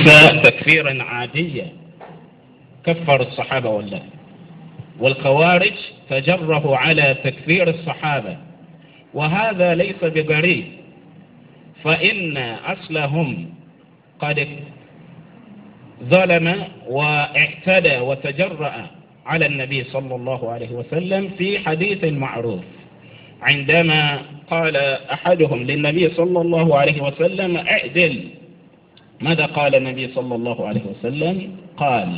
ليس تكفيرا عاديا كفر الصحابة ولا والخوارج تجره على تكفير الصحابة وهذا ليس ببريء فإن أصلهم قد ظلم واعتدى وتجرأ على النبي صلى الله عليه وسلم في حديث معروف عندما قال أحدهم للنبي صلى الله عليه وسلم اعدل ماذا قال النبي صلى الله عليه وسلم قال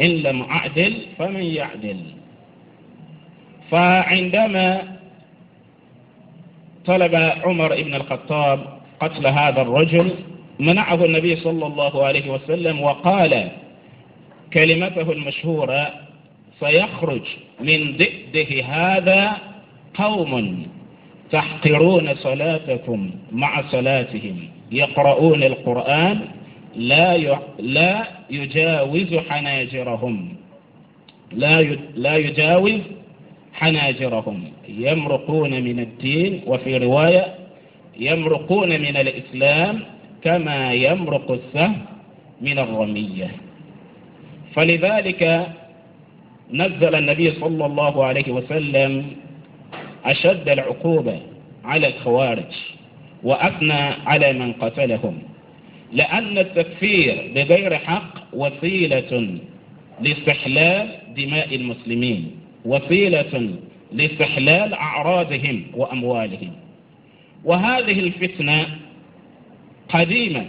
إن لم أعدل فمن يعدل فعندما طلب عمر بن الخطاب قتل هذا الرجل منعه النبي صلى الله عليه وسلم وقال كلمته المشهورة سيخرج من ذئبه هذا قوم تحقرون صلاتكم مع صلاتهم يقرؤون القرآن لا لا يجاوز حناجرهم لا لا يجاوز حناجرهم يمرقون من الدين وفي رواية يمرقون من الإسلام كما يمرق السهم من الرمية فلذلك نزل النبي صلى الله عليه وسلم أشد العقوبة على الخوارج وأثنى على من قتلهم لأن التكفير بغير حق وسيلة لاستحلال دماء المسلمين وسيلة لاستحلال أعراضهم وأموالهم وهذه الفتنة قديمة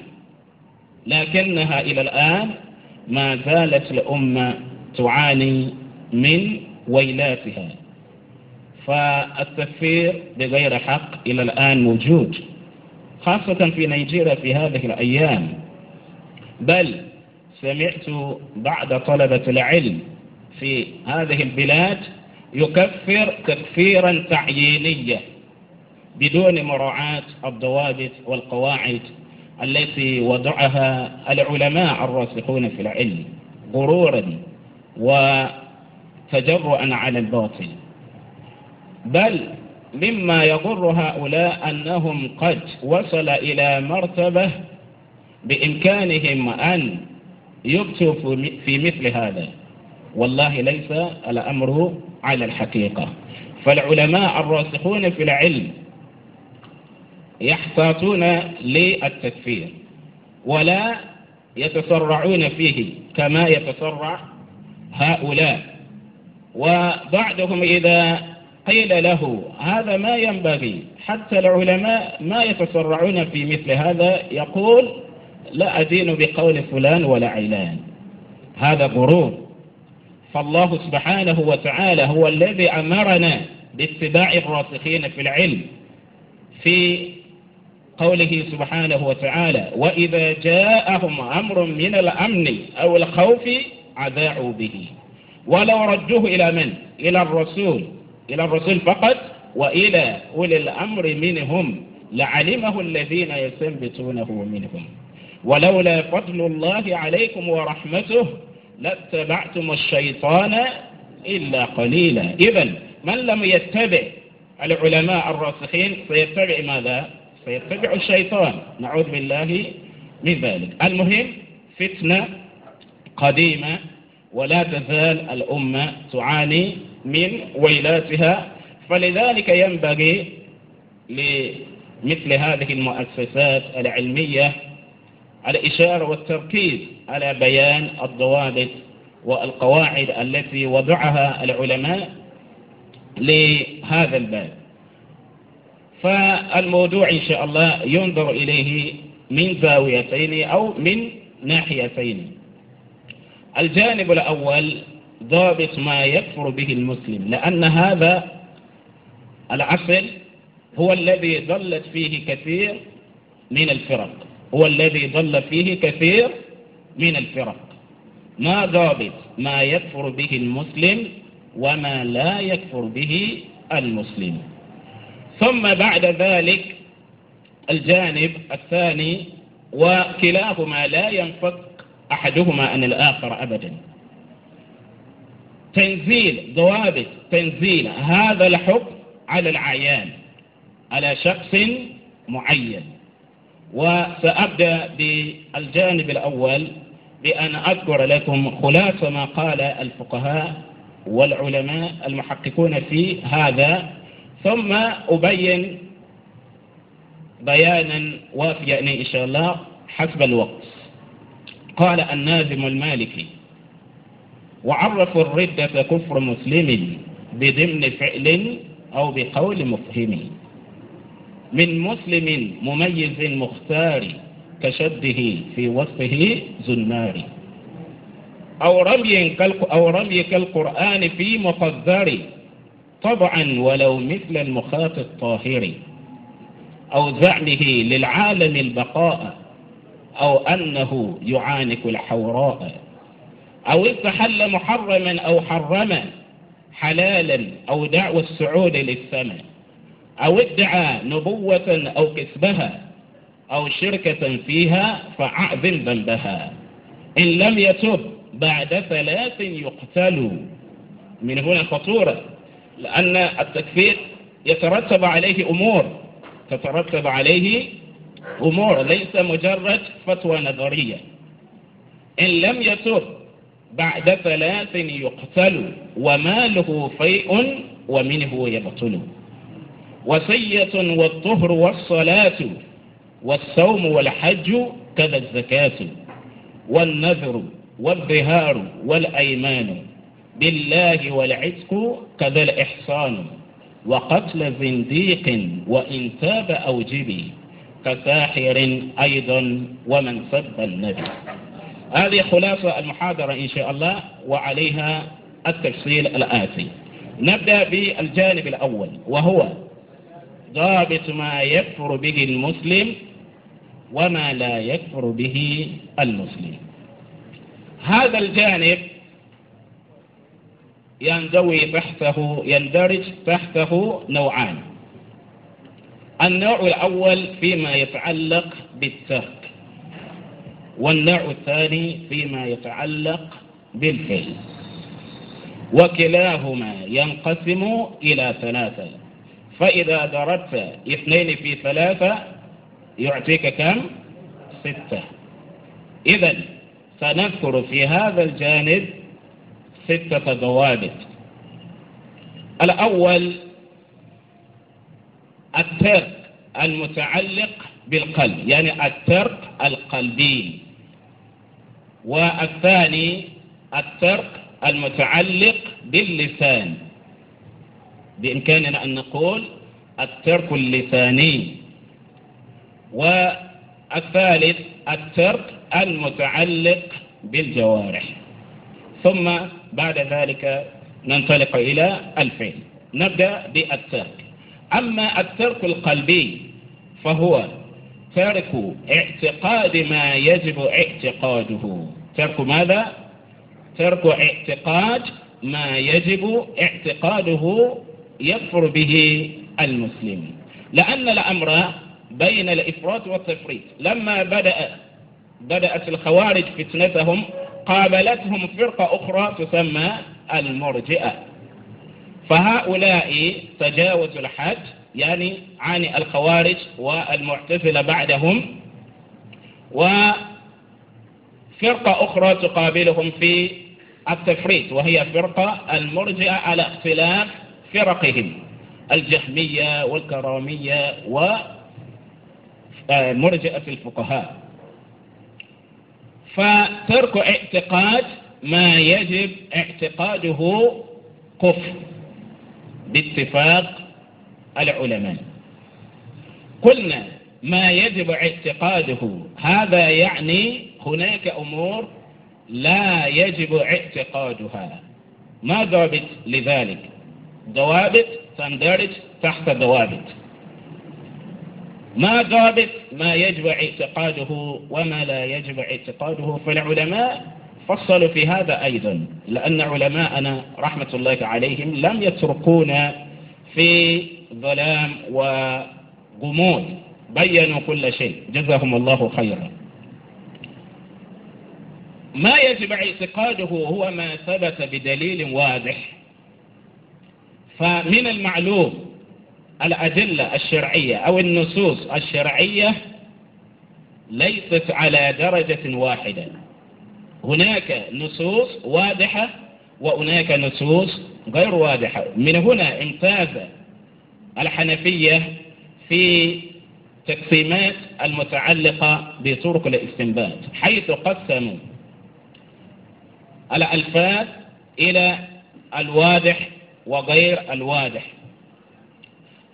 لكنها إلى الآن ما زالت الأمة تعاني من ويلاتها فالتكفير بغير حق إلى الآن موجود خاصة في نيجيريا في هذه الأيام بل سمعت بعض طلبة العلم في هذه البلاد يكفر تكفيرا تعيينيا بدون مراعاة الضوابط والقواعد التي وضعها العلماء الراسخون في العلم غرورا وتجرؤا على الباطل بل مما يضر هؤلاء أنهم قد وصل إلى مرتبة بإمكانهم أن يبتوا في مثل هذا والله ليس الأمر على الحقيقة فالعلماء الراسخون في العلم يحتاطون للتكفير ولا يتسرعون فيه كما يتسرع هؤلاء وبعضهم إذا قيل له هذا ما ينبغي حتى العلماء ما يتسرعون في مثل هذا يقول لا أدين بقول فلان ولا علان هذا غرور فالله سبحانه وتعالى هو الذي أمرنا باتباع الراسخين في العلم في قوله سبحانه وتعالى وإذا جاءهم أمر من الأمن أو الخوف أذاعوا به ولو رجوه إلى من؟ إلى الرسول إلى الرسول فقط وإلى أولي الأمر منهم لعلمه الذين يستنبطونه منهم ولولا فضل الله عليكم ورحمته لاتبعتم الشيطان إلا قليلا إذا من لم يتبع العلماء الراسخين سيتبع ماذا؟ سيتبع الشيطان نعوذ بالله من ذلك المهم فتنة قديمة ولا تزال الأمة تعاني من ويلاتها فلذلك ينبغي لمثل هذه المؤسسات العلمية الإشارة والتركيز على بيان الضوابط والقواعد التي وضعها العلماء لهذا الباب فالموضوع إن شاء الله ينظر إليه من زاويتين أو من ناحيتين الجانب الأول ضابط ما يكفر به المسلم لأن هذا العسل هو الذي ضلت فيه كثير من الفرق هو الذي ضل فيه كثير من الفرق ما ضابط ما يكفر به المسلم وما لا يكفر به المسلم ثم بعد ذلك الجانب الثاني وكلاهما لا ينفك أحدهما عن الآخر أبدا تنزيل ضوابط تنزيل هذا الحكم على العيان على شخص معين وسأبدأ بالجانب الأول بأن أذكر لكم خلاصة ما قال الفقهاء والعلماء المحققون في هذا ثم أبين بيانا وافيا إن شاء الله حسب الوقت قال النازم المالكي وعرفوا الردة كفر مسلم بضمن فعل أو بقول مفهم من مسلم مميز مختار كشده في وصفه زنار أو رمي أو رمي كالقرآن في مقدر طبعا ولو مثل المخاط الطاهر أو زعمه للعالم البقاء أو أنه يعانق الحوراء أو استحل محرما أو حرما حلالا أو دعوى السعود للسماء أو ادعى نبوة أو كسبها أو شركة فيها فأعذل ذنبها إن لم يتب بعد ثلاث يقتل من هنا خطورة لأن التكفير يترتب عليه أمور تترتب عليه أمور ليس مجرد فتوى نظرية إن لم يتب بعد ثلاث يقتل وماله فيء ومنه يبطل وسية والطهر والصلاة والصوم والحج كذا الزكاة والنذر والظهار والأيمان بالله والعتق كذا الإحصان وقتل زنديق وإن تاب أوجبي كساحر أيضا ومن سب النبي هذه خلاصة المحاضرة إن شاء الله وعليها التفصيل الآتي نبدأ بالجانب الأول وهو ضابط ما يكفر به المسلم وما لا يكفر به المسلم هذا الجانب ينزوي تحته يندرج تحته نوعان النوع الأول فيما يتعلق بالترك والنوع الثاني فيما يتعلق بالفعل وكلاهما ينقسم إلى ثلاثة فإذا ضربت اثنين في ثلاثة يعطيك كم؟ ستة إذا سنذكر في هذا الجانب ستة ضوابط الأول الترك المتعلق بالقلب يعني الترك القلبي والثاني الترك المتعلق باللسان بإمكاننا أن نقول الترك اللساني والثالث الترك المتعلق بالجوارح ثم بعد ذلك ننطلق إلى الفعل نبدأ بالترك أما الترك القلبي فهو ترك اعتقاد ما يجب اعتقاده ترك ماذا ترك اعتقاد ما يجب اعتقاده يكفر به المسلم لأن الأمر بين الإفراط والتفريط لما بدأ بدأت الخوارج فتنتهم قابلتهم فرقة أخرى تسمى المرجئة فهؤلاء تجاوزوا الحد يعني عن الخوارج والمعتزلة بعدهم و فرقة أخرى تقابلهم في التفريط وهي فرقة المرجئة على اختلاف فرقهم الجهمية والكرامية ومرجئة الفقهاء فترك اعتقاد ما يجب اعتقاده كفر باتفاق العلماء قلنا ما يجب اعتقاده هذا يعني هناك أمور لا يجب اعتقادها ما ضابط لذلك ضوابط تندرج تحت ضوابط ما ضابط ما يجب اعتقاده وما لا يجب اعتقاده فالعلماء فصلوا في هذا أيضا لأن علماءنا رحمة الله عليهم لم يتركونا في ظلام وغموض بينوا كل شيء جزاهم الله خيرا ما يجب اعتقاده هو ما ثبت بدليل واضح فمن المعلوم الأدلة الشرعية أو النصوص الشرعية ليست على درجة واحدة هناك نصوص واضحة وهناك نصوص غير واضحة من هنا امتاز الحنفية في تقسيمات المتعلقة بطرق الاستنباط حيث قسموا الألفاظ إلى الواضح وغير الواضح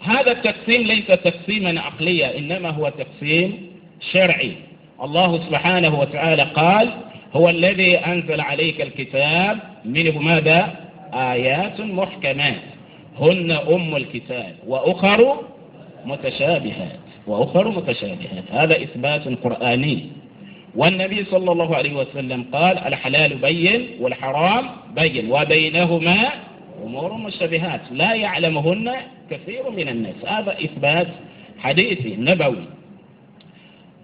هذا التقسيم ليس تقسيما عقليا إنما هو تقسيم شرعي الله سبحانه وتعالى قال هو الذي أنزل عليك الكتاب منه ماذا آيات محكمات هن أم الكتاب وأخر متشابهات وأخر متشابهات هذا إثبات قرآني والنبي صلى الله عليه وسلم قال الحلال بين والحرام بين وبينهما أمور مشتبهات لا يعلمهن كثير من الناس هذا إثبات حديثي نبوي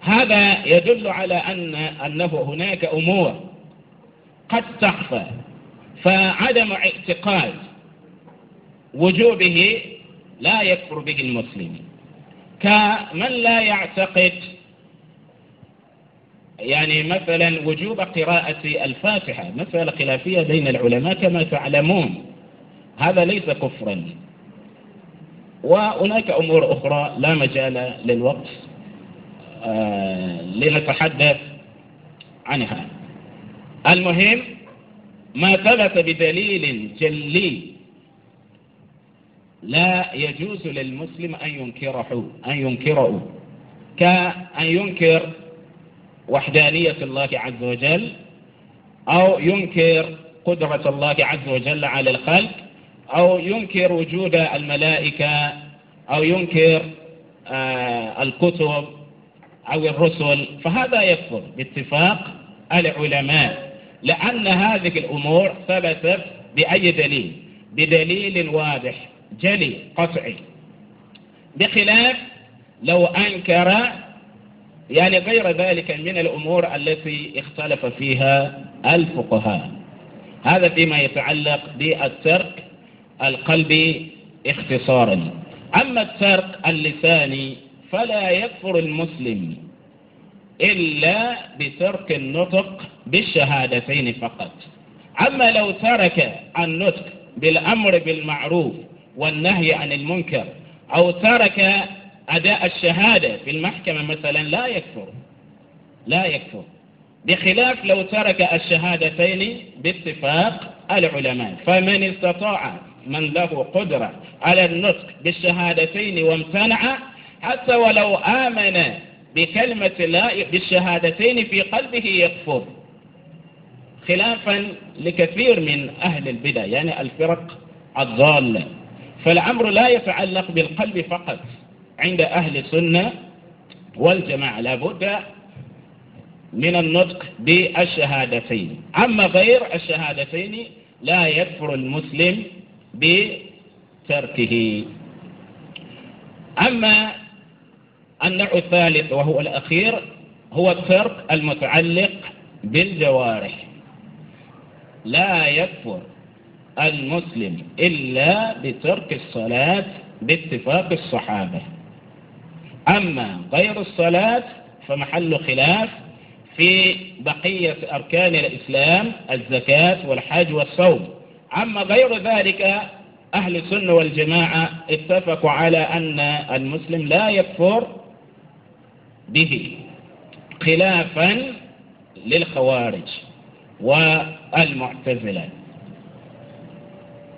هذا يدل على أن أنه هناك أمور قد تخفى فعدم اعتقاد وجوبه لا يكفر به المسلم كمن لا يعتقد يعني مثلا وجوب قراءة الفاتحة مسألة خلافية بين العلماء كما تعلمون هذا ليس كفرا وهناك أمور أخرى لا مجال للوقت آه، لنتحدث عنها المهم ما ثبت بدليل جلي لا يجوز للمسلم أن ينكره أن ينكره كأن ينكر وحدانية الله عز وجل أو ينكر قدرة الله عز وجل على الخلق أو ينكر وجود الملائكة أو ينكر آه الكتب أو الرسل فهذا يكفر باتفاق العلماء لأن هذه الأمور ثبتت بأي دليل بدليل واضح جلي قطعي بخلاف لو أنكر يعني غير ذلك من الأمور التي اختلف فيها الفقهاء هذا فيما يتعلق بالترك القلبي اختصارا أما الترك اللساني فلا يكفر المسلم إلا بترك النطق بالشهادتين فقط أما لو ترك النطق بالأمر بالمعروف والنهي عن المنكر أو ترك أداء الشهادة في المحكمة مثلا لا يكفر لا يكفر بخلاف لو ترك الشهادتين باتفاق العلماء فمن استطاع من له قدرة على النطق بالشهادتين وامتنع حتى ولو آمن بكلمة لا بالشهادتين في قلبه يكفر خلافا لكثير من أهل البدع يعني الفرق الضالة فالأمر لا يتعلق بالقلب فقط عند أهل السنة والجماعة لابد من النطق بالشهادتين أما غير الشهادتين لا يكفر المسلم بتركه أما النوع الثالث وهو الأخير هو الترك المتعلق بالجوارح لا يكفر المسلم إلا بترك الصلاة باتفاق الصحابة أما غير الصلاة فمحل خلاف في بقية أركان الإسلام الزكاة والحج والصوم أما غير ذلك أهل السنة والجماعة اتفقوا على أن المسلم لا يكفر به خلافا للخوارج والمعتزلة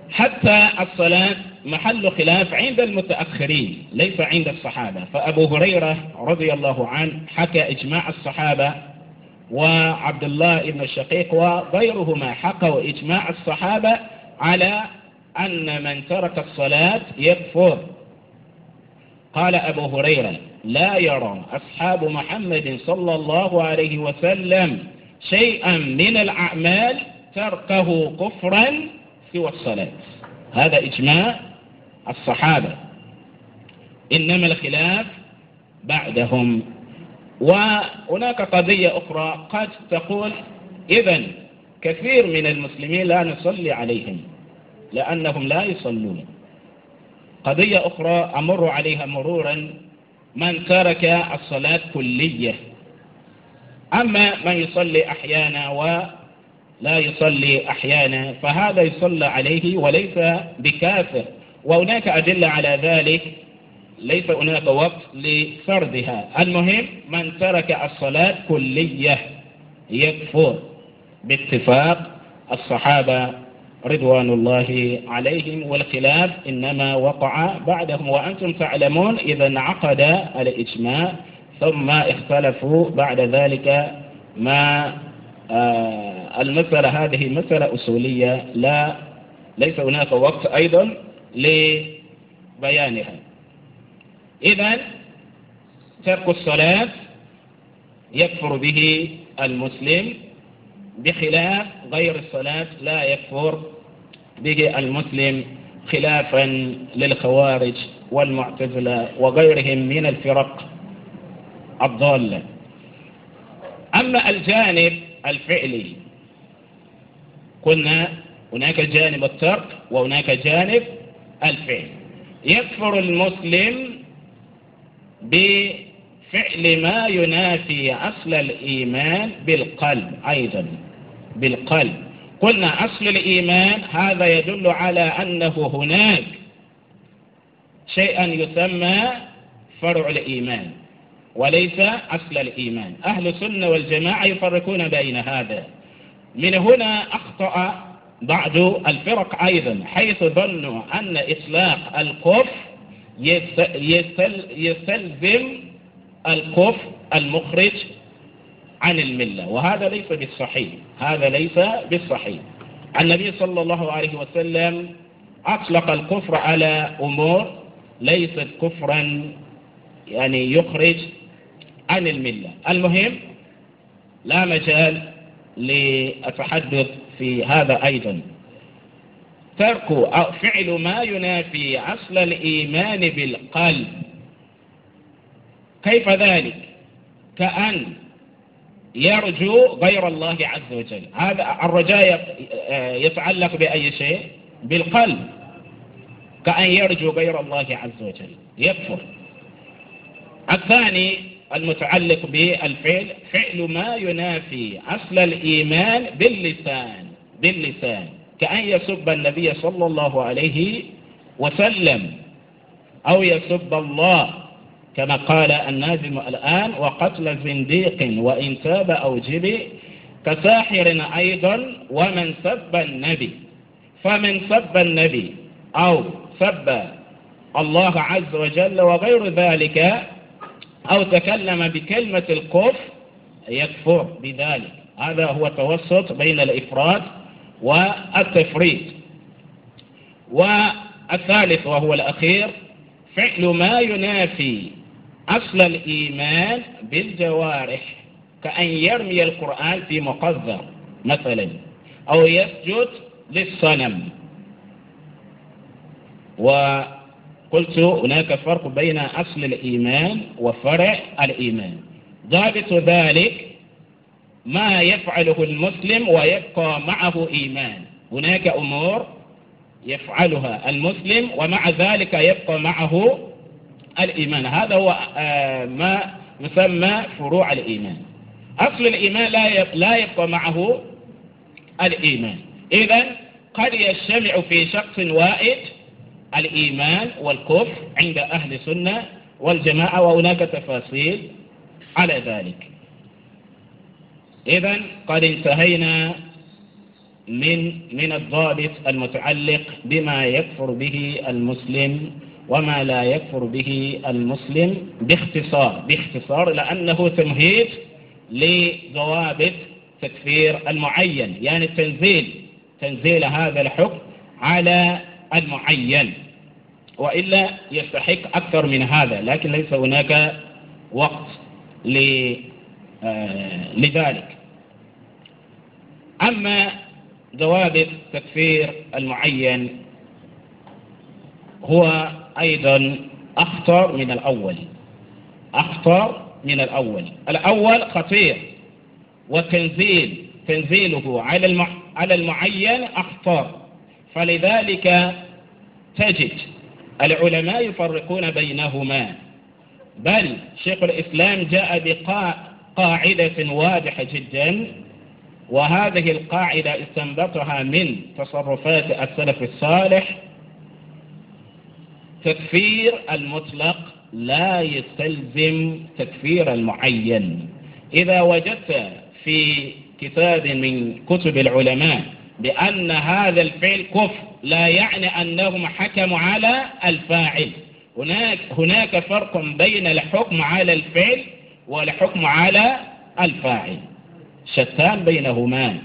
حتى الصلاة محل خلاف عند المتأخرين ليس عند الصحابة فأبو هريرة رضي الله عنه حكى إجماع الصحابة وعبد الله بن الشقيق وغيرهما حكوا إجماع الصحابة على أن من ترك الصلاة يكفر قال أبو هريرة لا يرى أصحاب محمد صلى الله عليه وسلم شيئا من الأعمال تركه كفرا سوى الصلاة هذا إجماع الصحابة إنما الخلاف بعدهم وهناك قضية أخرى قد تقول إذا كثير من المسلمين لا نصلي عليهم لأنهم لا يصلون قضية أخرى أمر عليها مرورا من ترك الصلاة كلية أما من يصلي أحيانا ولا يصلي أحيانا فهذا يصلى عليه وليس بكافر وهناك أدلة على ذلك ليس هناك وقت لفرضها المهم من ترك الصلاة كلية يكفر باتفاق الصحابة رضوان الله عليهم والخلاف إنما وقع بعدهم وأنتم تعلمون إذا انعقد الإجماع ثم اختلفوا بعد ذلك ما آه، المسألة هذه مسألة أصولية لا ليس هناك وقت أيضا لبيانها إذا ترك الصلاة يكفر به المسلم بخلاف غير الصلاة لا يكفر به المسلم خلافا للخوارج والمعتزلة وغيرهم من الفرق الضالة أما الجانب الفعلي قلنا هناك جانب الترك وهناك جانب الفعل يكفر المسلم بفعل ما ينافي أصل الإيمان بالقلب أيضا بالقلب قلنا أصل الإيمان هذا يدل على أنه هناك شيئا يسمى فرع الإيمان وليس أصل الإيمان أهل السنة والجماعة يفرقون بين هذا من هنا أخطأ بعض الفرق أيضا حيث ظنوا أن إطلاق الكفر يستلزم الكفر المخرج عن الملة وهذا ليس بالصحيح هذا ليس بالصحيح النبي صلى الله عليه وسلم أطلق الكفر على أمور ليست كفرا يعني يخرج عن الملة المهم لا مجال لأتحدث في هذا أيضا ترك أو فعل ما ينافي أصل الإيمان بالقلب كيف ذلك كأن يرجو غير الله عز وجل هذا الرجاء يتعلق بأي شيء بالقلب كأن يرجو غير الله عز وجل يكفر الثاني المتعلق بالفعل فعل ما ينافي أصل الإيمان باللسان باللسان كأن يسب النبي صلى الله عليه وسلم أو يسب الله كما قال النازم الآن وقتل زنديق وإن تاب أو جبي كساحر أيضا ومن سب النبي فمن سب النبي أو سب الله عز وجل وغير ذلك أو تكلم بكلمة الكفر يكفر بذلك هذا هو التوسط بين الإفراد والتفريط والثالث وهو الأخير فعل ما ينافي أصل الإيمان بالجوارح كأن يرمي القرآن في مقذر مثلا أو يسجد للصنم و قلت هناك فرق بين أصل الإيمان وفرع الإيمان ضابط ذلك ما يفعله المسلم ويبقى معه إيمان هناك أمور يفعلها المسلم ومع ذلك يبقى معه الإيمان هذا هو آه، ما يسمى فروع الإيمان أصل الإيمان لا يبقى معه الإيمان إذا قد يجتمع في شخص واحد الإيمان والكفر عند أهل السنة والجماعة وهناك تفاصيل على ذلك إذا قد انتهينا من من الضابط المتعلق بما يكفر به المسلم وما لا يكفر به المسلم باختصار باختصار لأنه تمهيد لضوابط تكفير المعين يعني تنزيل تنزيل هذا الحكم على المعين وإلا يستحق أكثر من هذا لكن ليس هناك وقت آه، لذلك أما ضوابط تكفير المعين هو أيضا أخطر من الأول أخطر من الأول الأول خطير وتنزيل تنزيله على على المعين أخطر فلذلك تجد العلماء يفرقون بينهما بل شيخ الإسلام جاء بقاعدة واضحة جدا وهذه القاعدة استنبطها من تصرفات السلف الصالح تكفير المطلق لا يستلزم تكفير المعين إذا وجدت في كتاب من كتب العلماء بأن هذا الفعل كفر لا يعني أنهم حكموا على الفاعل هناك, هناك فرق بين الحكم على الفعل والحكم على الفاعل شتان بينهما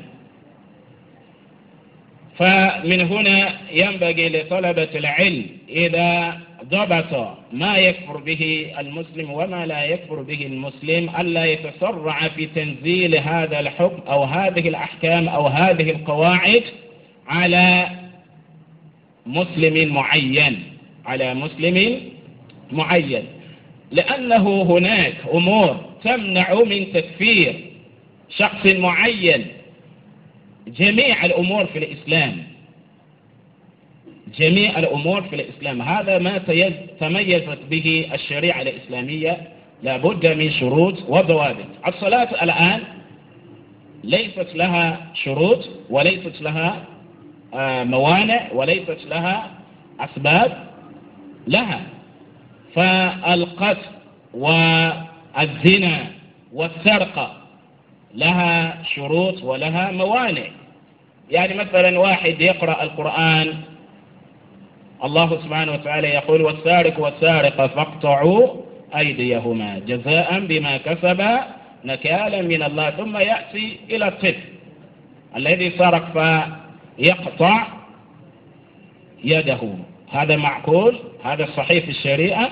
فمن هنا ينبغي لطلبة العلم إذا ضبط ما يكفر به المسلم وما لا يكفر به المسلم ألا يتسرع في تنزيل هذا الحكم أو هذه الأحكام أو هذه القواعد على مسلم معين على مسلم معين لأنه هناك أمور تمنع من تكفير شخص معين جميع الأمور في الإسلام جميع الأمور في الإسلام هذا ما تميزت به الشريعة الإسلامية لابد من شروط وضوابط الصلاة الآن ليست لها شروط وليست لها آه، موانع وليست لها أسباب لها فالقتل والزنا والسرقة لها شروط ولها موانع يعني مثلا واحد يقرأ القرآن الله سبحانه وتعالى يقول والسارق والسارقة فاقطعوا أيديهما جزاء بما كسبا نكالا من الله ثم يأتي إلى الطفل الذي سرق فيقطع يده هذا معقول هذا صحيح في الشريعة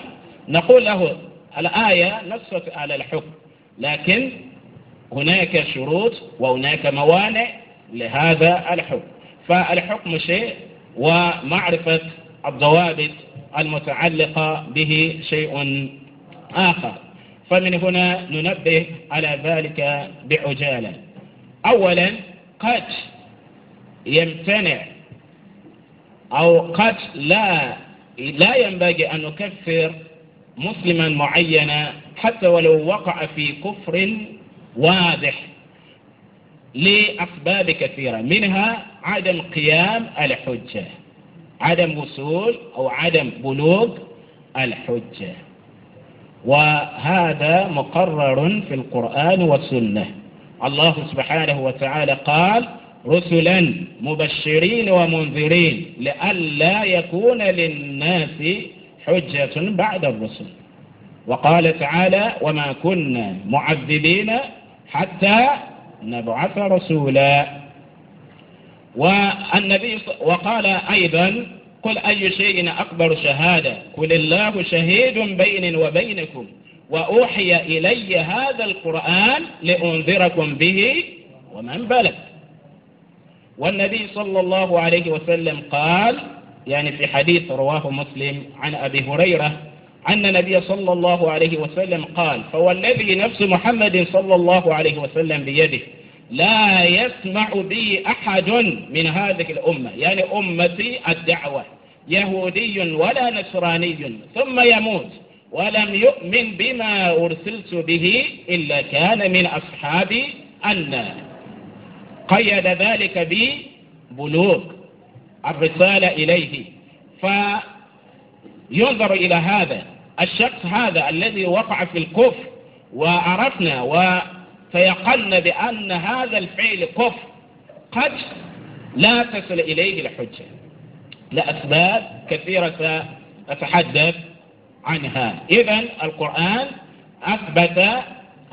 نقول له الآية نصت على الحكم لكن هناك شروط وهناك موانع لهذا الحكم فالحكم شيء ومعرفة الضوابط المتعلقة به شيء آخر فمن هنا ننبه على ذلك بعجالة أولا قد يمتنع أو قد لا لا ينبغي أن نكفر مسلما معينا حتى ولو وقع في كفر واضح لأسباب كثيرة منها عدم قيام الحجة عدم وصول أو عدم بلوغ الحجة وهذا مقرر في القرآن والسنة الله سبحانه وتعالى قال رسلا مبشرين ومنذرين لئلا يكون للناس حجة بعد الرسل وقال تعالى وما كنا معذبين حتى نبعث رسولا والنبي وقال أيضا قل أي شيء أكبر شهادة قل الله شهيد بيني وبينكم وأوحي إلي هذا القرآن لأنذركم به ومن بلغ والنبي صلى الله عليه وسلم قال يعني في حديث رواه مسلم عن أبي هريرة أن النبي صلى الله عليه وسلم قال فوالذي نفس محمد صلى الله عليه وسلم بيده لا يسمع بي أحد من هذه الأمة يعني أمتي الدعوة يهودي ولا نصراني ثم يموت ولم يؤمن بما أرسلت به إلا كان من أصحاب أن قيد ذلك ببلوغ الرسالة إليه فينظر إلى هذا الشخص هذا الذي وقع في الكفر وعرفنا و فيقن بأن هذا الفعل كفر قد لا تصل إليه الحجة لأسباب كثيرة أتحدث عنها إذا القرآن أثبت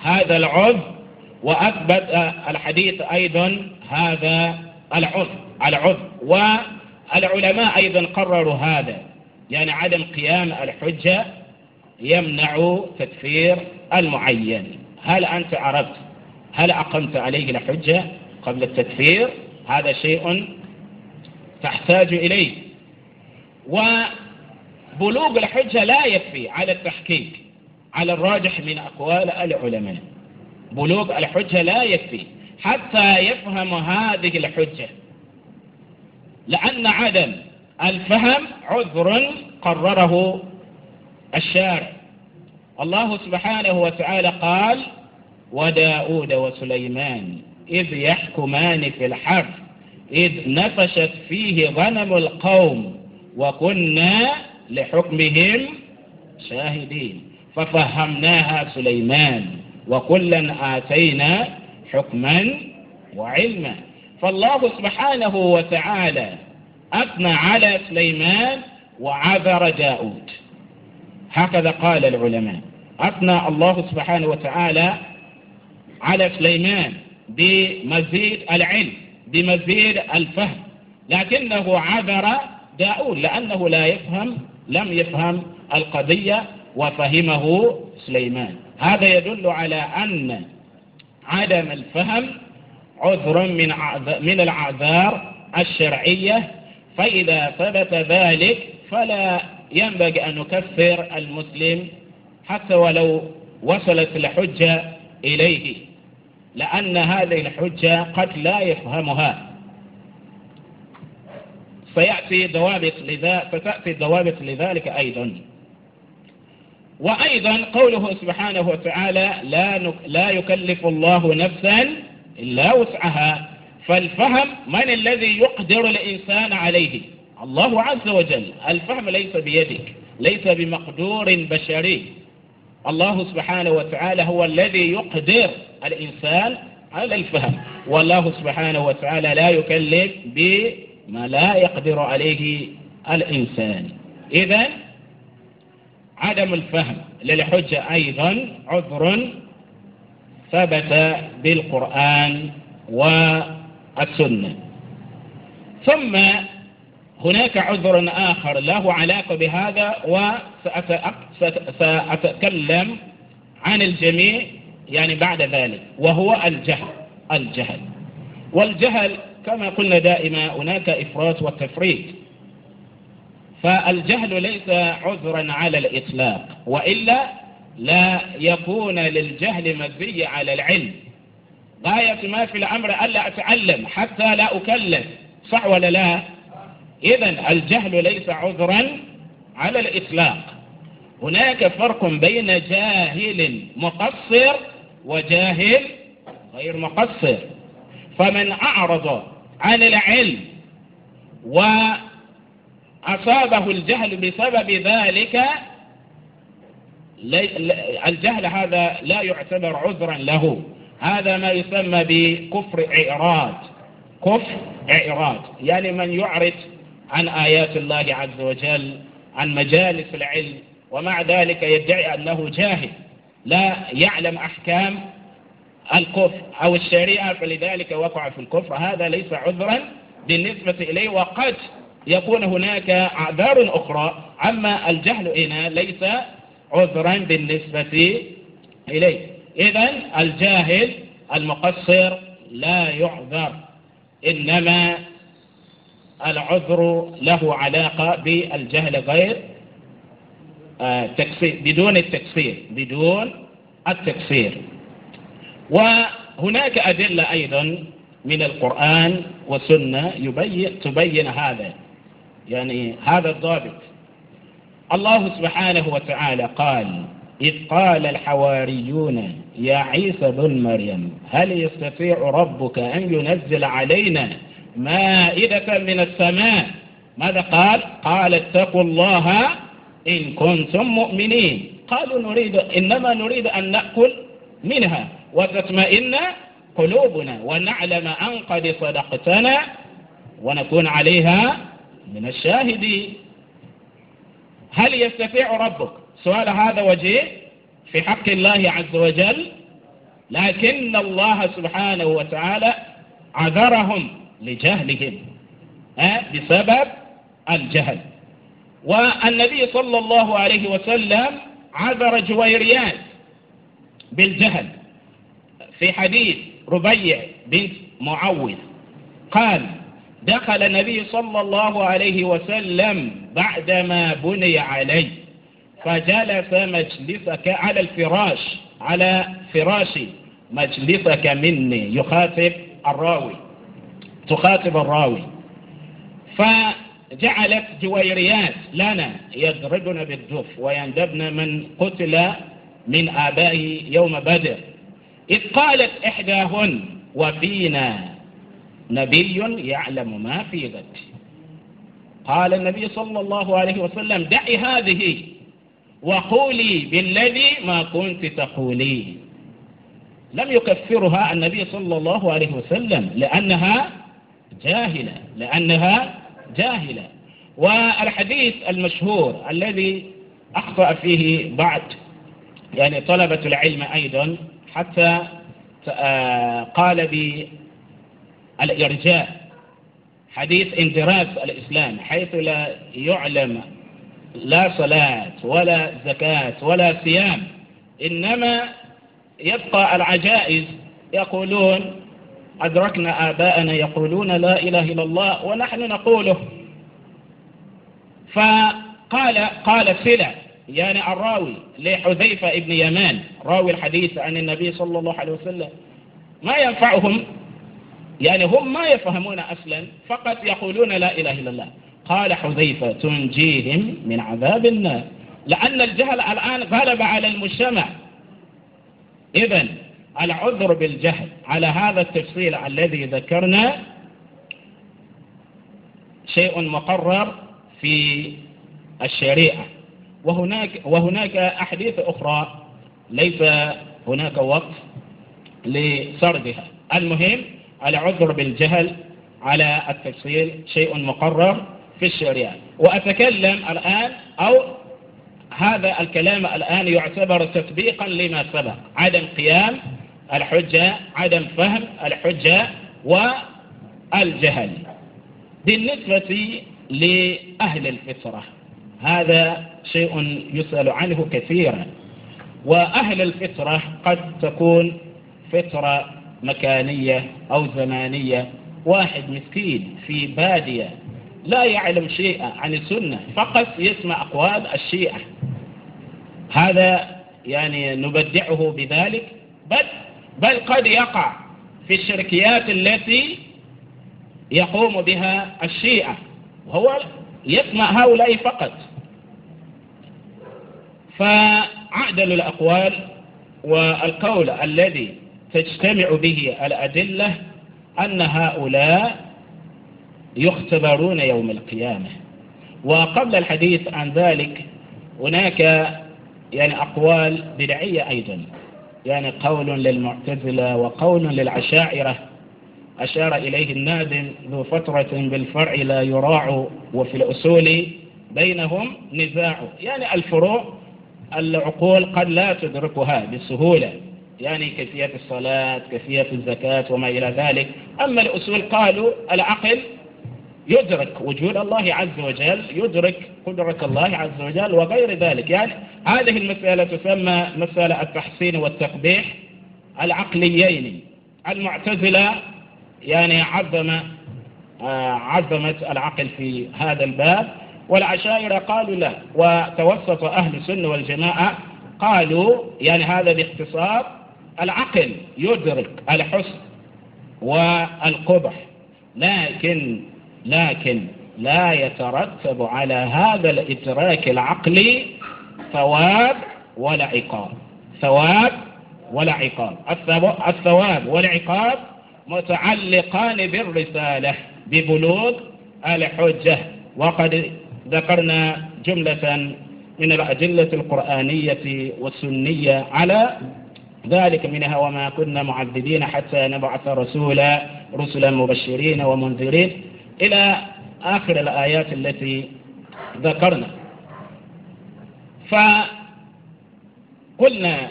هذا العذر وأثبت الحديث أيضا هذا العذر العذر والعلماء أيضا قرروا هذا يعني عدم قيام الحجة يمنع تكفير المعين هل أنت عرفت هل أقمت عليه الحجة قبل التكفير هذا شيء تحتاج إليه وبلوغ الحجة لا يكفي على التحقيق على الراجح من أقوال العلماء بلوغ الحجة لا يكفي حتى يفهم هذه الحجة لأن عدم الفهم عذر قرره الشارع الله سبحانه وتعالى قال وداود وسليمان إذ يحكمان في الحرب إذ نفشت فيه غنم القوم وكنا لحكمهم شاهدين ففهمناها سليمان وكلا آتينا حكما وعلما فالله سبحانه وتعالى أثنى على سليمان وعذر داود هكذا قال العلماء أثنى الله سبحانه وتعالى على سليمان بمزيد العلم بمزيد الفهم لكنه عذر داود لأنه لا يفهم لم يفهم القضية وفهمه سليمان هذا يدل على أن عدم الفهم عذر من من الأعذار الشرعية فإذا ثبت ذلك فلا ينبغي أن نكفر المسلم حتى ولو وصلت الحجة إليه لأن هذه الحجة قد لا يفهمها سيأتي ضوابط لذا ستأتي ضوابط لذلك أيضا وأيضا قوله سبحانه وتعالى لا, نك... لا يكلف الله نفسا إلا وسعها فالفهم من الذي يقدر الإنسان عليه الله عز وجل الفهم ليس بيدك ليس بمقدور بشري الله سبحانه وتعالى هو الذي يقدر الإنسان على الفهم والله سبحانه وتعالى لا يكلف بما لا يقدر عليه الإنسان إذا عدم الفهم للحجة أيضا عذر ثبت بالقرآن والسنة ثم هناك عذر آخر له علاقة بهذا وسأتأكد سأتكلم عن الجميع يعني بعد ذلك وهو الجهل الجهل والجهل كما قلنا دائما هناك إفراط وتفريط فالجهل ليس عذرا على الإطلاق وإلا لا يكون للجهل مزية على العلم غاية ما في الأمر ألا أتعلم حتى لا أكلف صح ولا لا إذا الجهل ليس عذرا على الإطلاق هناك فرق بين جاهل مقصر وجاهل غير مقصر فمن أعرض عن العلم وأصابه الجهل بسبب ذلك الجهل هذا لا يعتبر عذرا له هذا ما يسمى بكفر إعراض كفر إعراض يعني من يعرض عن آيات الله عز وجل عن مجالس العلم ومع ذلك يدعي أنه جاهل لا يعلم أحكام الكفر أو الشريعة فلذلك وقع في الكفر هذا ليس عذرا بالنسبة إليه وقد يكون هناك أعذار أخرى أما الجهل هنا ليس عذرا بالنسبة إليه إذا الجاهل المقصر لا يعذر إنما العذر له علاقة بالجهل غير آه، تكسير بدون التكسير بدون التكسير وهناك أدلة أيضا من القرآن والسنة يبين تبين هذا يعني هذا الضابط الله سبحانه وتعالى قال إذ قال الحواريون يا عيسى بن مريم هل يستطيع ربك أن ينزل علينا مائدة من السماء ماذا قال؟ قال اتقوا الله إن كنتم مؤمنين قالوا نريد إنما نريد أن نأكل منها وتطمئن قلوبنا ونعلم أن قد صدقتنا ونكون عليها من الشاهدين هل يستطيع ربك سؤال هذا وجيه في حق الله عز وجل لكن الله سبحانه وتعالى عذرهم لجهلهم أه؟ بسبب الجهل والنبي صلى الله عليه وسلم عذر جويريان بالجهل في حديث ربيع بنت معوذ قال دخل النبي صلى الله عليه وسلم بعدما بني علي فجلس مجلسك على الفراش على فراشي مجلسك مني يخاطب الراوي تخاطب الراوي ف جعلت جويريات لنا يضربن بالدف ويندبن من قتل من آبائه يوم بدر إذ قالت إحداهن وفينا نبي يعلم ما في غد قال النبي صلى الله عليه وسلم دعي هذه وقولي بالذي ما كنت تقولين لم يكفرها النبي صلى الله عليه وسلم لأنها جاهلة لأنها جاهلة والحديث المشهور الذي أخطأ فيه بعض يعني طلبة العلم أيضا حتى آه، قال بالإرجاء حديث اندراس الإسلام حيث لا يعلم لا صلاة ولا زكاة ولا صيام إنما يبقى العجائز يقولون أدركنا آباءنا يقولون لا إله إلا الله ونحن نقوله فقال قال سلة يعني الراوي لحذيفة بن يمان راوي الحديث عن النبي صلى الله عليه وسلم ما ينفعهم يعني هم ما يفهمون أصلا فقط يقولون لا إله إلا الله قال حذيفة تنجيهم من عذاب النار لأن الجهل الآن غلب على المجتمع إذا العذر بالجهل على هذا التفصيل الذي ذكرنا شيء مقرر في الشريعة وهناك وهناك أحاديث أخرى ليس هناك وقت لسردها المهم العذر بالجهل على التفصيل شيء مقرر في الشريعة وأتكلم الآن أو هذا الكلام الآن يعتبر تطبيقا لما سبق عدم قيام الحجة عدم فهم الحجة والجهل بالنسبة لأهل الفطرة هذا شيء يسأل عنه كثيرا وأهل الفطرة قد تكون فطرة مكانية أو زمانية واحد مسكين في بادية لا يعلم شيئا عن السنة فقط يسمع أقوال الشيعة هذا يعني نبدعه بذلك بل بل قد يقع في الشركيات التي يقوم بها الشيعة وهو يسمع هؤلاء فقط فعدل الأقوال والقول الذي تجتمع به الأدلة أن هؤلاء يختبرون يوم القيامة وقبل الحديث عن ذلك هناك يعني أقوال بدعية أيضا يعني قول للمعتزلة وقول للعشائرة أشار إليه النادم ذو فترة بالفرع لا يراع وفي الأصول بينهم نزاع يعني الفروع العقول قد لا تدركها بسهولة يعني كيفية الصلاة كيفية الزكاة وما إلى ذلك أما الأصول قالوا العقل يدرك وجود الله عز وجل يدرك قدرة الله عز وجل وغير ذلك يعني هذه المسألة تسمى مسألة التحسين والتقبيح العقليين المعتزلة يعني عظم آه، عظمت العقل في هذا الباب والعشائر قالوا لا وتوسط أهل السنة والجماعة قالوا يعني هذا باختصار العقل يدرك الحسن والقبح لكن لكن لا يترتب على هذا الإدراك العقلي ثواب ولا عقاب ثواب ولا عقاب الثواب والعقاب متعلقان بالرسالة ببلوغ الحجة وقد ذكرنا جملة من الأدلة القرآنية والسنية على ذلك منها وما كنا معذبين حتى نبعث رسولا رسلا مبشرين ومنذرين إلى آخر الآيات التي ذكرنا فقلنا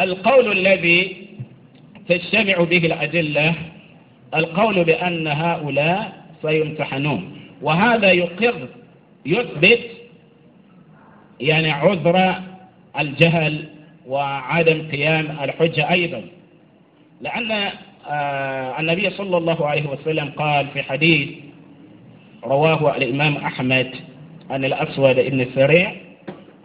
القول الذي تجتمع به الأدلة القول بأن هؤلاء سيمتحنون وهذا يقر يثبت يعني عذر الجهل وعدم قيام الحجة أيضا لأن آه، النبي صلى الله عليه وسلم قال في حديث رواه الإمام أحمد عن الأسود بن السريع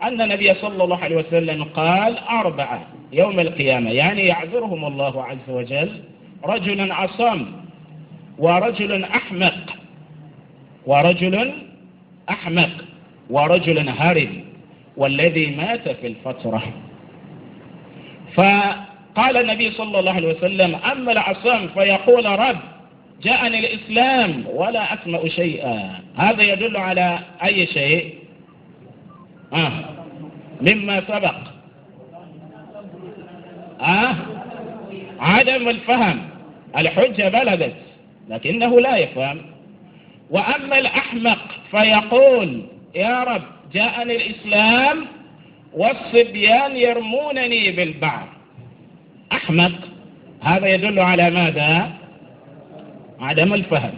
أن النبي صلى الله عليه وسلم قال أربعة يوم القيامة يعني يعذرهم الله عز وجل رجل عصام ورجل أحمق ورجل أحمق ورجل هرم والذي مات في الفترة فقال النبي صلى الله عليه وسلم أما العصام فيقول رب جاءني الإسلام ولا أسمع شيئا هذا يدل على أي شيء آه. مما سبق آه. عدم الفهم الحجة بلغت لكنه لا يفهم وأما الأحمق فيقول يا رب جاءني الإسلام والصبيان يرمونني بالبعض أحمق هذا يدل على ماذا عدم الفهم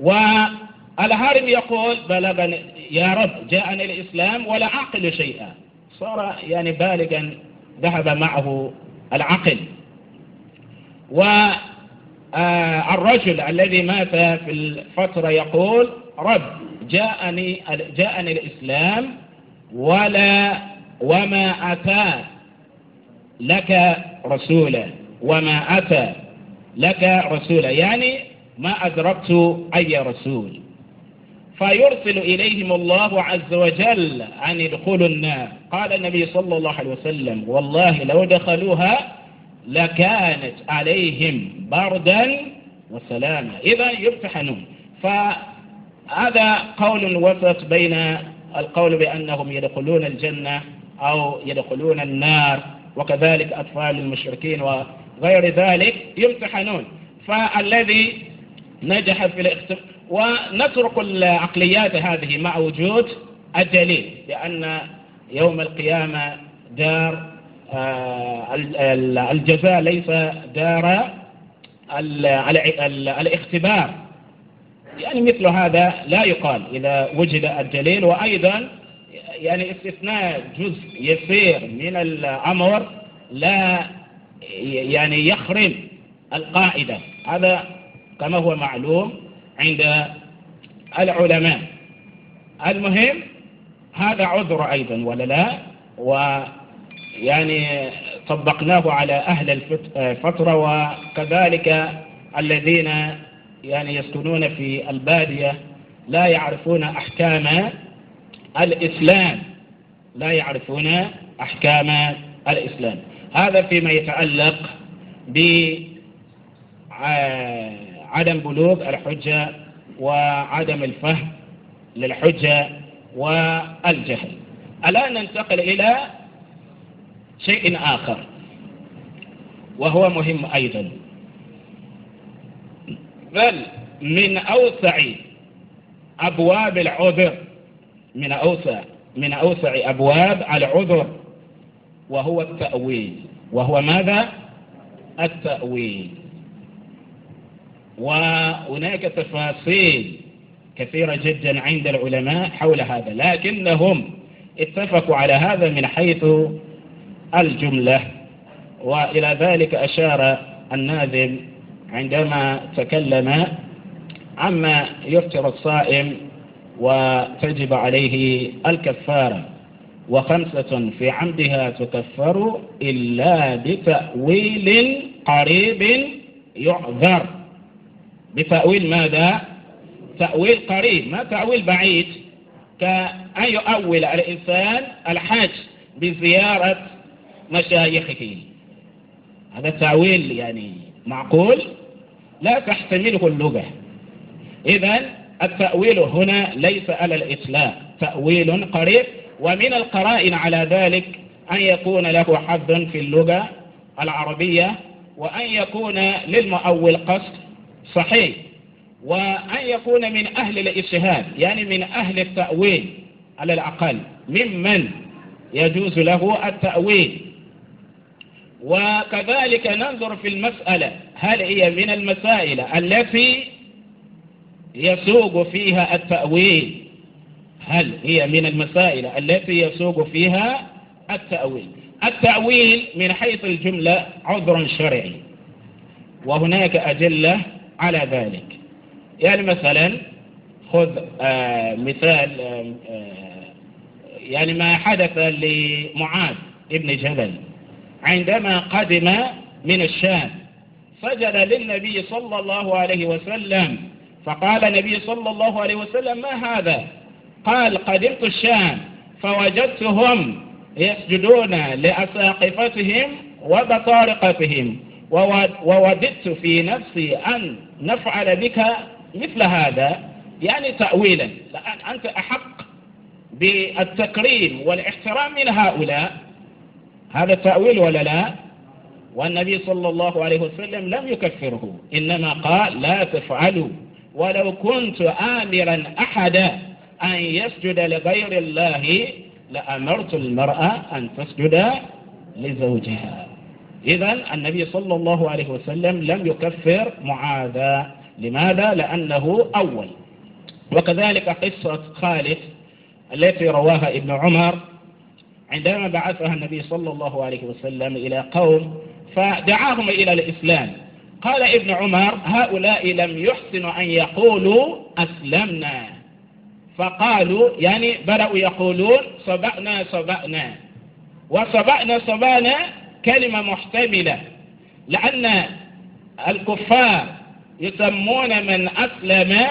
والهارم يقول بلغني يا رب جاءني الإسلام ولا أعقل شيئا صار يعني بالغا ذهب معه العقل والرجل آه، الذي مات في الفترة يقول رب جاءني جاءني الإسلام ولا وما أتى لك رسولا وما أتى لك رسولا يعني ما أدركت أي رسول فيرسل إليهم الله عز وجل أن يدخلوا النار قال النبي صلى الله عليه وسلم والله لو دخلوها لكانت عليهم بردا وسلاما إذا يمتحنون فهذا قول وسط بين القول بأنهم يدخلون الجنة أو يدخلون النار وكذلك أطفال المشركين و غير ذلك يمتحنون فالذي نجح في الاختبار ونترك العقليات هذه مع وجود الدليل لأن يوم القيامة دار آه، الجزاء ليس دار الاختبار يعني مثل هذا لا يقال إذا وجد الدليل وأيضا يعني استثناء جزء يسير من الأمر لا يعني يخرم القاعدة هذا كما هو معلوم عند العلماء المهم هذا عذر أيضا ولا لا ويعني طبقناه على أهل الفترة وكذلك الذين يعني يسكنون في البادية لا يعرفون أحكام الإسلام لا يعرفون أحكام الإسلام هذا فيما يتعلق بعدم بلوغ الحجة وعدم الفهم للحجة والجهل الآن ننتقل إلى شيء آخر وهو مهم أيضا بل من أوسع أبواب العذر من أوسع من أوسع أبواب العذر وهو التأويل وهو ماذا؟ التأويل وهناك تفاصيل كثيرة جدا عند العلماء حول هذا لكنهم اتفقوا على هذا من حيث الجملة وإلى ذلك أشار الناظم عندما تكلم عما يفطر الصائم وتجب عليه الكفارة وخمسة في عمدها تكفر إلا بتأويل قريب يعذر بتأويل ماذا؟ تأويل قريب ما تأويل بعيد كأن يؤول الإنسان الحج بزيارة مشايخه هذا تأويل يعني معقول لا تحتمله اللغة إذا التأويل هنا ليس على الإطلاق تأويل قريب ومن القرائن على ذلك أن يكون له حظ في اللغة العربية وأن يكون للمؤول قصد صحيح وأن يكون من أهل الإجتهاد يعني من أهل التأويل على الأقل ممن يجوز له التأويل وكذلك ننظر في المسألة هل هي من المسائل التي يسوق فيها التأويل هل هي من المسائل التي يسوق فيها التأويل التأويل من حيث الجملة عذر شرعي وهناك أدلة على ذلك يعني مثلا خذ آه، مثال آه، آه، يعني ما حدث لمعاذ ابن جبل عندما قدم من الشام سجد للنبي صلى الله عليه وسلم فقال النبي صلى الله عليه وسلم ما هذا قال قدمت الشام فوجدتهم يسجدون لأساقفتهم وبطارقتهم ووددت في نفسي أن نفعل بك مثل هذا يعني تأويلا لأن أنت أحق بالتكريم والاحترام من هؤلاء هذا تأويل ولا لا والنبي صلى الله عليه وسلم لم يكفره إنما قال لا تفعلوا ولو كنت آمرا أحدا أن يسجد لغير الله لأمرت المرأة أن تسجد لزوجها إذا النبي صلى الله عليه وسلم لم يكفر معاذا لماذا؟ لأنه أول وكذلك قصة خالد التي رواها ابن عمر عندما بعثها النبي صلى الله عليه وسلم إلى قوم فدعاهم إلى الإسلام قال ابن عمر هؤلاء لم يحسنوا أن يقولوا أسلمنا فقالوا يعني بدأوا يقولون صبأنا صبأنا وصبأنا صبأنا كلمة محتملة لأن الكفار يسمون من أسلم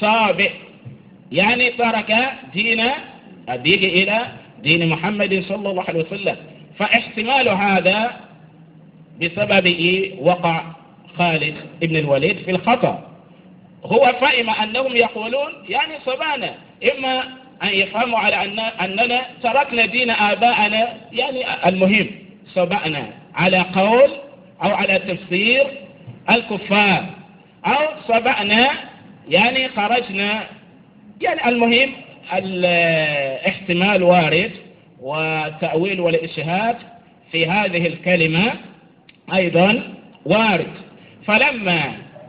صابئ يعني ترك دين أبيه إلى دين محمد صلى الله عليه وسلم فاحتمال هذا بسببه وقع خالد بن الوليد في الخطأ هو فهم أنهم يقولون يعني صبانا إما أن يفهموا على أننا تركنا دين آبائنا يعني المهم سبعنا على قول أو على تفسير الكفار أو سبعنا يعني خرجنا يعني المهم الاحتمال وارد والتأويل والإشهاد في هذه الكلمة أيضا وارد فلما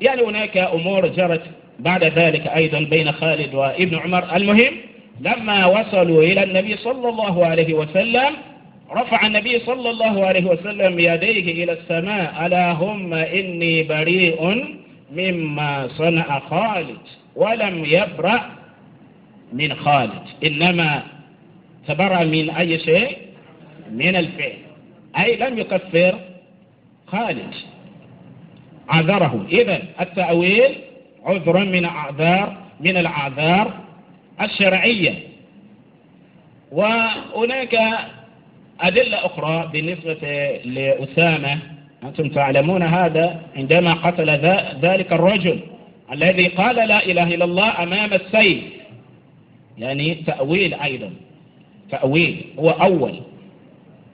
يعني هناك أمور جرت بعد ذلك أيضا بين خالد وابن عمر المهم لما وصلوا إلى النبي صلى الله عليه وسلم رفع النبي صلى الله عليه وسلم يديه إلى السماء اللهم إني بريء مما صنع خالد ولم يبرأ من خالد إنما تبرأ من أي شيء من الفعل أي لم يكفر خالد عذره إذا التأويل عذرا من أعذار من الأعذار الشرعية وهناك أدلة أخرى بالنسبة لأسامة أنتم تعلمون هذا عندما قتل ذلك الرجل الذي قال لا إله إلا الله أمام السيف يعني تأويل أيضا تأويل هو أول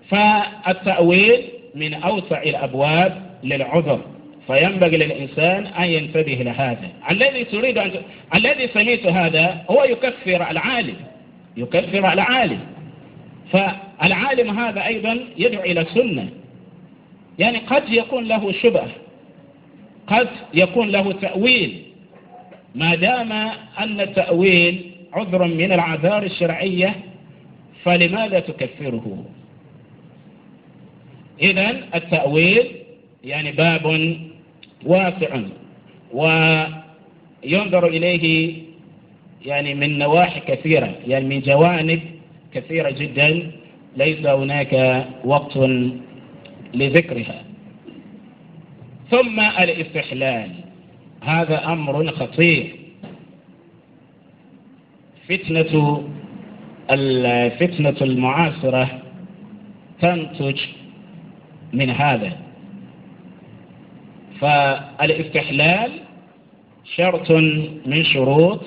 فالتأويل من أوسع الأبواب للعذر فينبغي للإنسان أن ينتبه لهذا الذي تريد أن الذي سمعت هذا هو يكفر العالم يكفر العالم فالعالم هذا أيضا يدعو إلى السنة يعني قد يكون له شبه قد يكون له تأويل ما دام أن التأويل عذر من العذار الشرعية فلماذا تكفره إذا التأويل يعني باب واسع وينظر إليه يعني من نواحي كثيرة يعني من جوانب كثيرة جدا ليس هناك وقت لذكرها ثم الاستحلال هذا أمر خطير فتنة الفتنة المعاصرة تنتج من هذا فالاستحلال شرط من شروط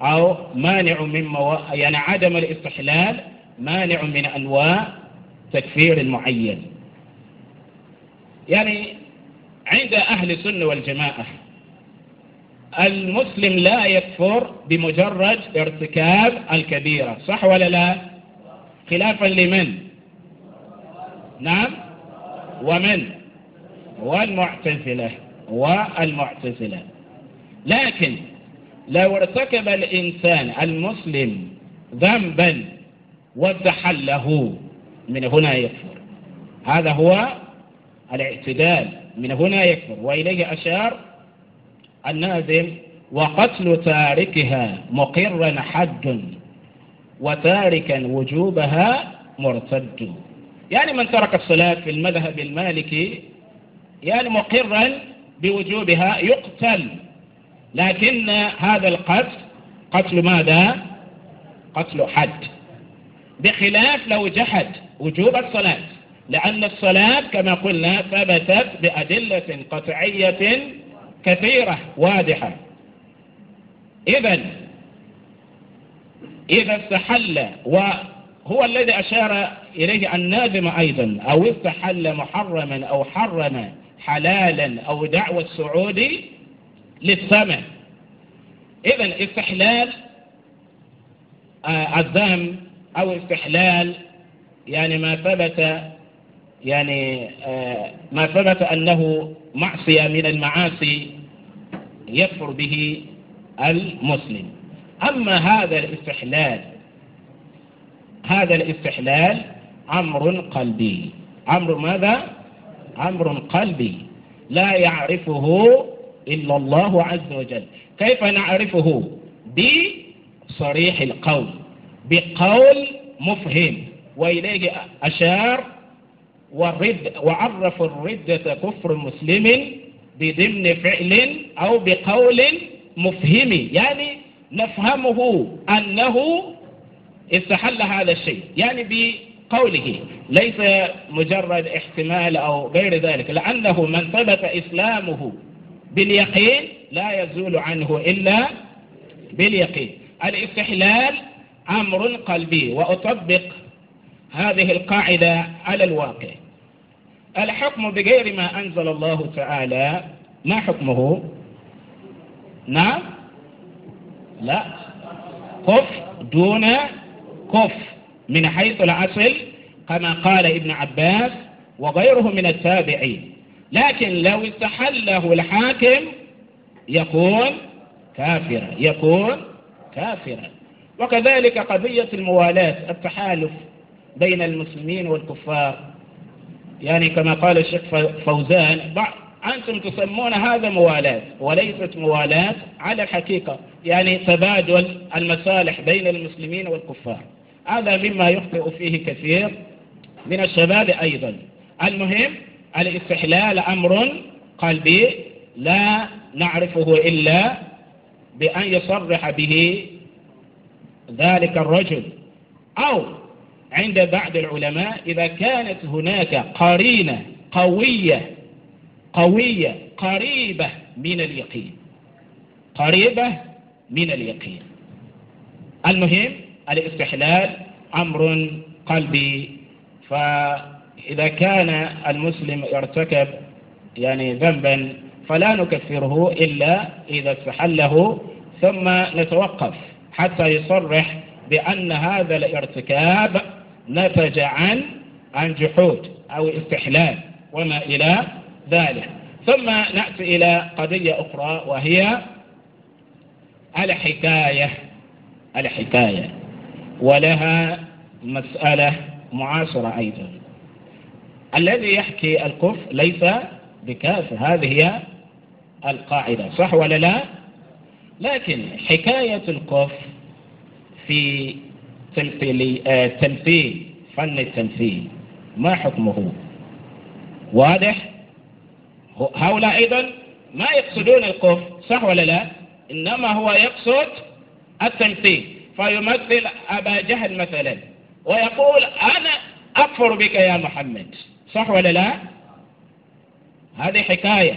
أو مانع من مو... يعني عدم الاستحلال مانع من أنواع تكفير معين يعني عند أهل السنة والجماعة المسلم لا يكفر بمجرد ارتكاب الكبيرة صح ولا لا خلافا لمن نعم ومن والمعتزلة والمعتزلة لكن لو ارتكب الإنسان المسلم ذنبا وتحله من هنا يكفر هذا هو الاعتدال من هنا يكفر وإليه أشار النازم وقتل تاركها مقرا حد وتاركا وجوبها مرتد يعني من ترك الصلاة في المذهب المالكي يعني مقرا بوجوبها يقتل لكن هذا القتل قتل ماذا قتل حد بخلاف لو جحد وجوب الصلاة لأن الصلاة كما قلنا ثبتت بأدلة قطعية كثيرة واضحة إذا إذا استحل وهو الذي أشار إليه الناظم أيضا أو استحل محرما أو حرم حلالا أو دعوة السعود للثمن إذا استحلال آه، الذم أو استحلال يعني ما ثبت يعني آه، ما ثبت أنه معصية من المعاصي يكفر به المسلم أما هذا الاستحلال هذا الاستحلال أمر قلبي أمر ماذا؟ أمر قلبي لا يعرفه إلا الله عز وجل كيف نعرفه بصريح القول بقول مفهم وإليه أشار والرد وعرف الردة كفر مسلم بضمن فعل أو بقول مفهم يعني نفهمه أنه استحل هذا الشيء يعني قوله ليس مجرد احتمال أو غير ذلك لأنه من ثبت إسلامه باليقين لا يزول عنه إلا باليقين الاستحلال أمر قلبي وأطبق هذه القاعدة على الواقع الحكم بغير ما أنزل الله تعالى ما حكمه نعم لا كف دون كف من حيث الأصل كما قال ابن عباس وغيره من التابعين لكن لو استحله الحاكم يكون كافرا يكون كافرا وكذلك قضية الموالاة التحالف بين المسلمين والكفار يعني كما قال الشيخ فوزان أنتم تسمون هذا موالاة وليست موالاة على الحقيقة يعني تبادل المصالح بين المسلمين والكفار هذا مما يخطئ فيه كثير من الشباب أيضا المهم الاستحلال أمر قلبي لا نعرفه إلا بأن يصرح به ذلك الرجل أو عند بعض العلماء إذا كانت هناك قرينة قوية قوية قريبة من اليقين قريبة من اليقين المهم الاستحلال أمر قلبي فإذا كان المسلم يرتكب يعني ذنبا فلا نكفره إلا إذا استحله ثم نتوقف حتى يصرح بأن هذا الارتكاب نتج عن عن جحود أو استحلال وما إلى ذلك ثم نأتي إلى قضية أخرى وهي الحكاية الحكاية ولها مسألة معاصرة أيضا الذي يحكي القف ليس بكاف هذه هي القاعدة صح ولا لا لكن حكاية القف في آه، تمثيل فن التمثيل ما حكمه واضح هؤلاء أيضا ما يقصدون القف صح ولا لا إنما هو يقصد التمثيل فيمثل أبا جهل مثلا ويقول أنا أكفر بك يا محمد صح ولا لا هذه حكاية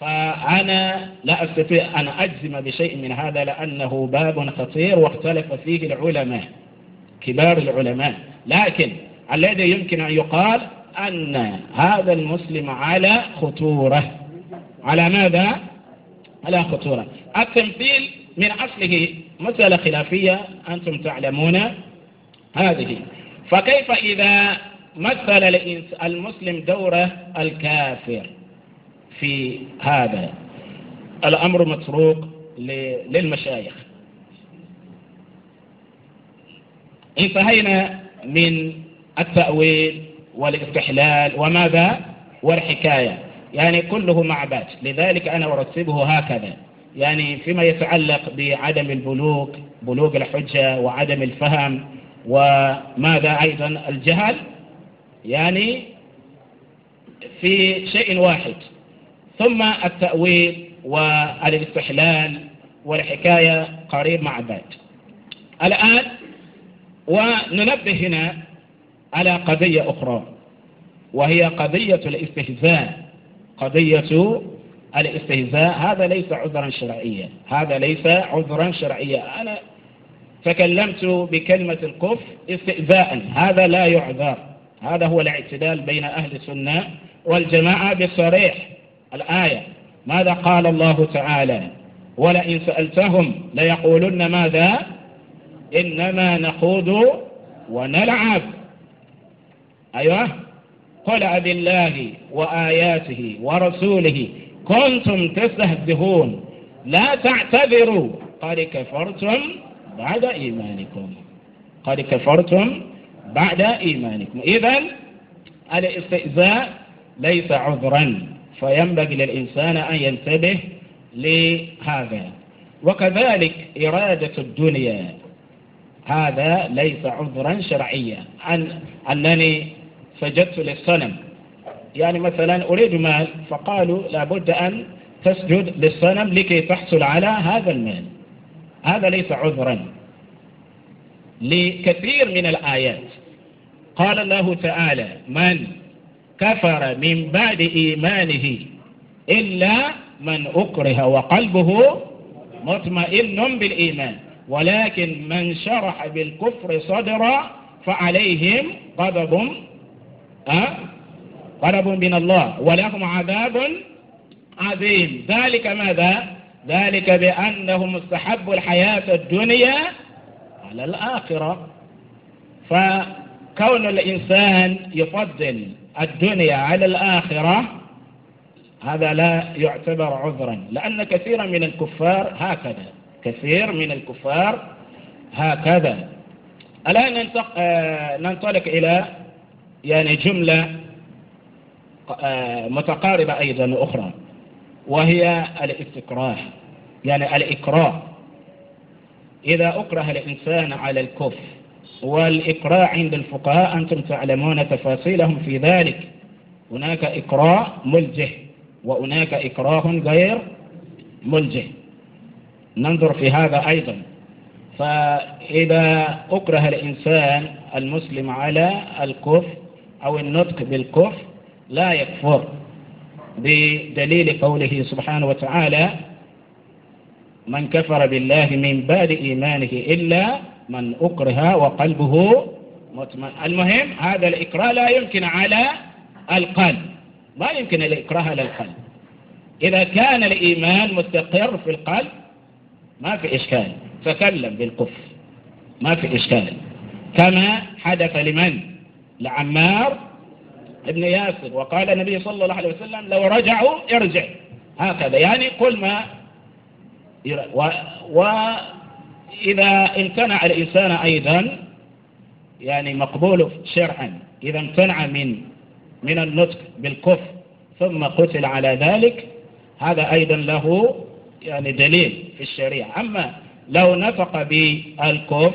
فأنا لا أستطيع أن أجزم بشيء من هذا لأنه باب خطير واختلف فيه العلماء كبار العلماء لكن الذي يمكن أن يقال أن هذا المسلم على خطورة على ماذا؟ على خطورة التمثيل من أصله مسألة خلافية أنتم تعلمون هذه فكيف إذا مثل المسلم دوره الكافر في هذا الأمر متروك للمشايخ انتهينا من التأويل والاستحلال وماذا والحكاية يعني كله مع لذلك أنا أرتبه هكذا يعني فيما يتعلق بعدم البلوغ بلوغ الحجة وعدم الفهم وماذا أيضا الجهل يعني في شيء واحد ثم التأويل والاستحلال والحكاية قريب مع بعد الآن وننبه هنا على قضية أخرى وهي قضية الاستهزاء قضية الاستهزاء هذا ليس عذرا شرعيا هذا ليس عذرا شرعيا أنا تكلمت بكلمة الكفر استئذاء هذا لا يعذر هذا هو الاعتدال بين أهل السنة والجماعة بصريح الآية ماذا قال الله تعالى ولئن سألتهم ليقولن ماذا إنما نخوض ونلعب أيوه قل بالله وآياته ورسوله كنتم تستهزئون لا تعتذروا قد كفرتم بعد إيمانكم قد كفرتم بعد إيمانكم إذا الاستئذاء ليس عذرا فينبغي للإنسان أن ينتبه لهذا وكذلك إرادة الدنيا هذا ليس عذرا شرعيا أن أنني سجدت للصنم يعني مثلا أريد مال فقالوا لابد أن تسجد للصنم لكي تحصل على هذا المال هذا ليس عذرا لكثير من الآيات قال الله تعالى من كفر من بعد إيمانه إلا من أكره وقلبه مطمئن بالإيمان ولكن من شرح بالكفر صدرا فعليهم غضب آه؟ غضب من الله ولهم عذاب عظيم ذلك ماذا ذلك بأنهم استحبوا الحياة الدنيا على الآخرة فكون الإنسان يفضل الدنيا على الآخرة هذا لا يعتبر عذرا لأن كثيرا من الكفار هكذا كثير من الكفار هكذا الآن آه، ننطلق إلى يعني جملة آه، متقاربة أيضا أخرى وهي الاستكراه يعني الإكراه إذا أكره الإنسان على الكفر والإكراه عند الفقهاء أنتم تعلمون تفاصيلهم في ذلك هناك إكراه ملجه وهناك إكراه غير ملجه ننظر في هذا أيضا فإذا أكره الإنسان المسلم على الكفر أو النطق بالكفر لا يكفر بدليل قوله سبحانه وتعالى من كفر بالله من بعد إيمانه إلا من أكره وقلبه مطمئن المهم هذا الإكراه لا يمكن على القلب ما يمكن الإكراه على القلب إذا كان الإيمان مستقر في القلب ما في إشكال تكلم بالكفر ما في إشكال كما حدث لمن لعمار ابن ياسر وقال النبي صلى الله عليه وسلم لو رجعوا ارجع هكذا يعني قل ما و وإذا امتنع الإنسان أيضا يعني مقبول شرعا إذا امتنع من من النطق بالكفر ثم قتل على ذلك هذا أيضا له يعني دليل في الشريعة أما لو نطق بالكفر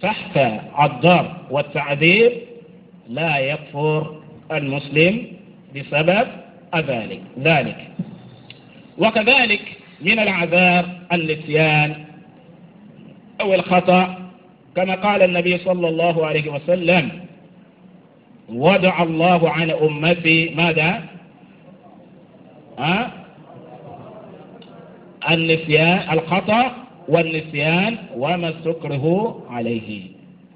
تحت الضرب والتعذيب لا يكفر المسلم بسبب ذلك ذلك وكذلك من العذاب النسيان أو الخطأ كما قال النبي صلى الله عليه وسلم ودع الله عن أمتي ماذا؟ ها؟ النسيان الخطأ والنسيان وما استكره عليه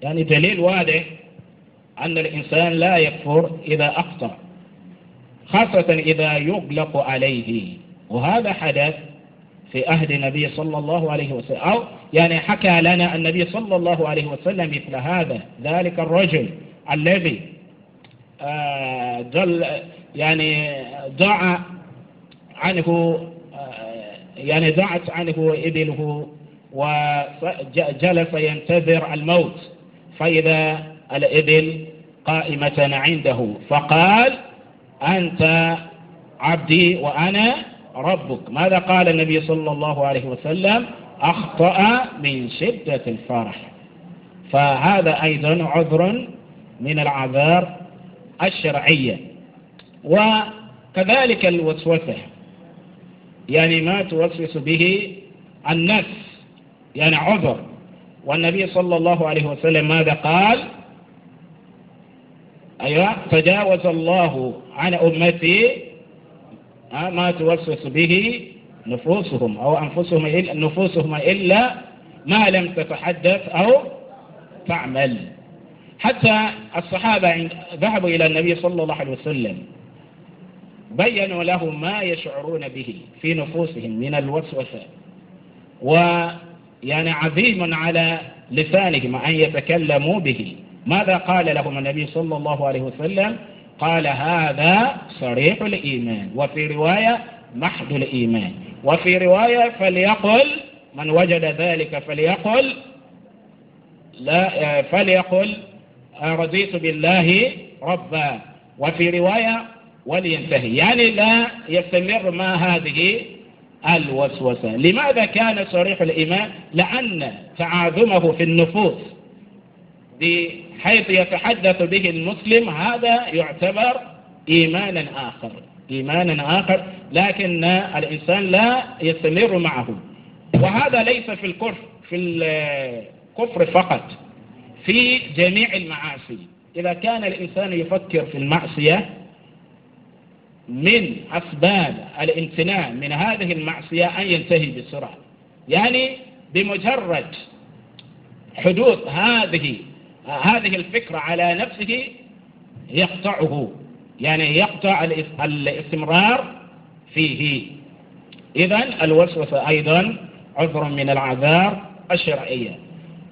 يعني دليل واضح أن الإنسان لا يكفر إذا أخطأ خاصة إذا يغلق عليه وهذا حدث في عهد النبي صلى الله عليه وسلم أو يعني حكى لنا النبي صلى الله عليه وسلم مثل هذا ذلك الرجل الذي آه، دل يعني دعا عنه آه، يعني دعت عنه ابله وجلس ينتظر الموت فإذا الإبل قائمة عنده فقال أنت عبدي وأنا ربك ماذا قال النبي صلى الله عليه وسلم أخطأ من شدة الفرح فهذا أيضا عذر من العذار الشرعية وكذلك الوسوسة يعني ما توسوس به النفس يعني عذر والنبي صلى الله عليه وسلم ماذا قال أيوة تجاوز الله عن أمتي ما توسوس به نفوسهم أو أنفسهم إلا نفوسهم إلا ما لم تتحدث أو تعمل حتى الصحابة ذهبوا إلى النبي صلى الله عليه وسلم بينوا له ما يشعرون به في نفوسهم من الوسوسة ويعني عظيم على لسانهم أن يتكلموا به ماذا قال لهم النبي صلى الله عليه وسلم قال هذا صريح الإيمان وفي رواية محض الإيمان وفي رواية فليقل من وجد ذلك فليقل لا فليقل رضيت بالله ربا وفي رواية ولينتهي يعني لا يستمر ما هذه الوسوسة لماذا كان صريح الإيمان لأن تعاظمه في النفوس بحيث يتحدث به المسلم هذا يعتبر إيمانا آخر إيمانا آخر لكن الإنسان لا يستمر معه وهذا ليس في الكفر في الكفر فقط في جميع المعاصي إذا كان الإنسان يفكر في المعصية من أسباب الامتناع من هذه المعصية أن ينتهي بسرعة يعني بمجرد حدوث هذه هذه الفكرة على نفسه يقطعه يعني يقطع الاستمرار فيه إذا الوسوسة أيضا عذر من العذار الشرعية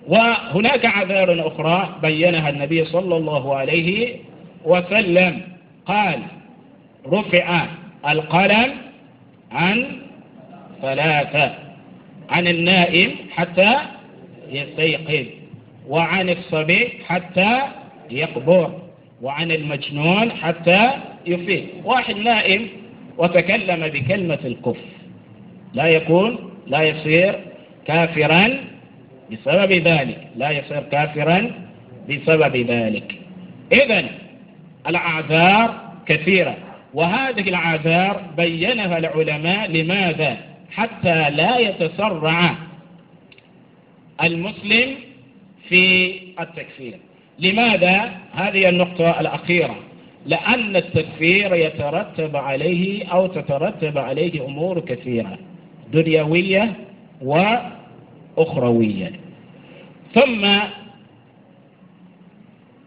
وهناك عذار أخرى بينها النبي صلى الله عليه وسلم قال رفع القلم عن ثلاثة عن النائم حتى يستيقظ وعن الصبي حتى يقبر وعن المجنون حتى يفيق واحد نائم وتكلم بكلمة الكفر لا يكون لا يصير كافرا بسبب ذلك لا يصير كافرا بسبب ذلك إذا الأعذار كثيرة وهذه الأعذار بينها العلماء لماذا حتى لا يتسرع المسلم في التكفير لماذا هذه النقطة الأخيرة لأن التكفير يترتب عليه أو تترتب عليه أمور كثيرة دنيوية وأخروية ثم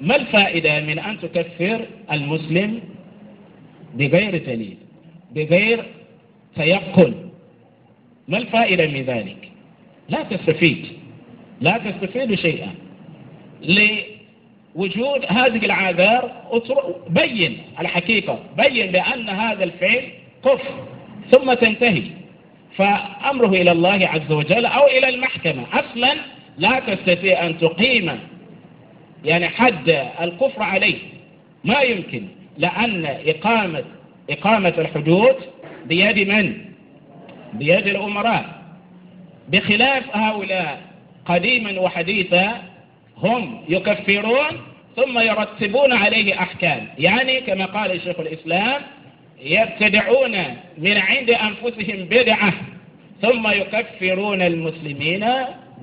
ما الفائدة من أن تكفر المسلم بغير دليل بغير تيقن ما الفائدة من ذلك لا تستفيد لا تستفيد شيئا لوجود هذه العذار بين الحقيقة بين بأن هذا الفعل كفر ثم تنتهي فأمره إلى الله عز وجل أو إلى المحكمة أصلا لا تستطيع أن تقيم يعني حد الكفر عليه ما يمكن لأن إقامة إقامة الحدود بيد من؟ بيد الأمراء بخلاف هؤلاء قديما وحديثا هم يكفرون ثم يرتبون عليه أحكام يعني كما قال شيخ الإسلام يبتدعون من عند أنفسهم بدعة ثم يكفرون المسلمين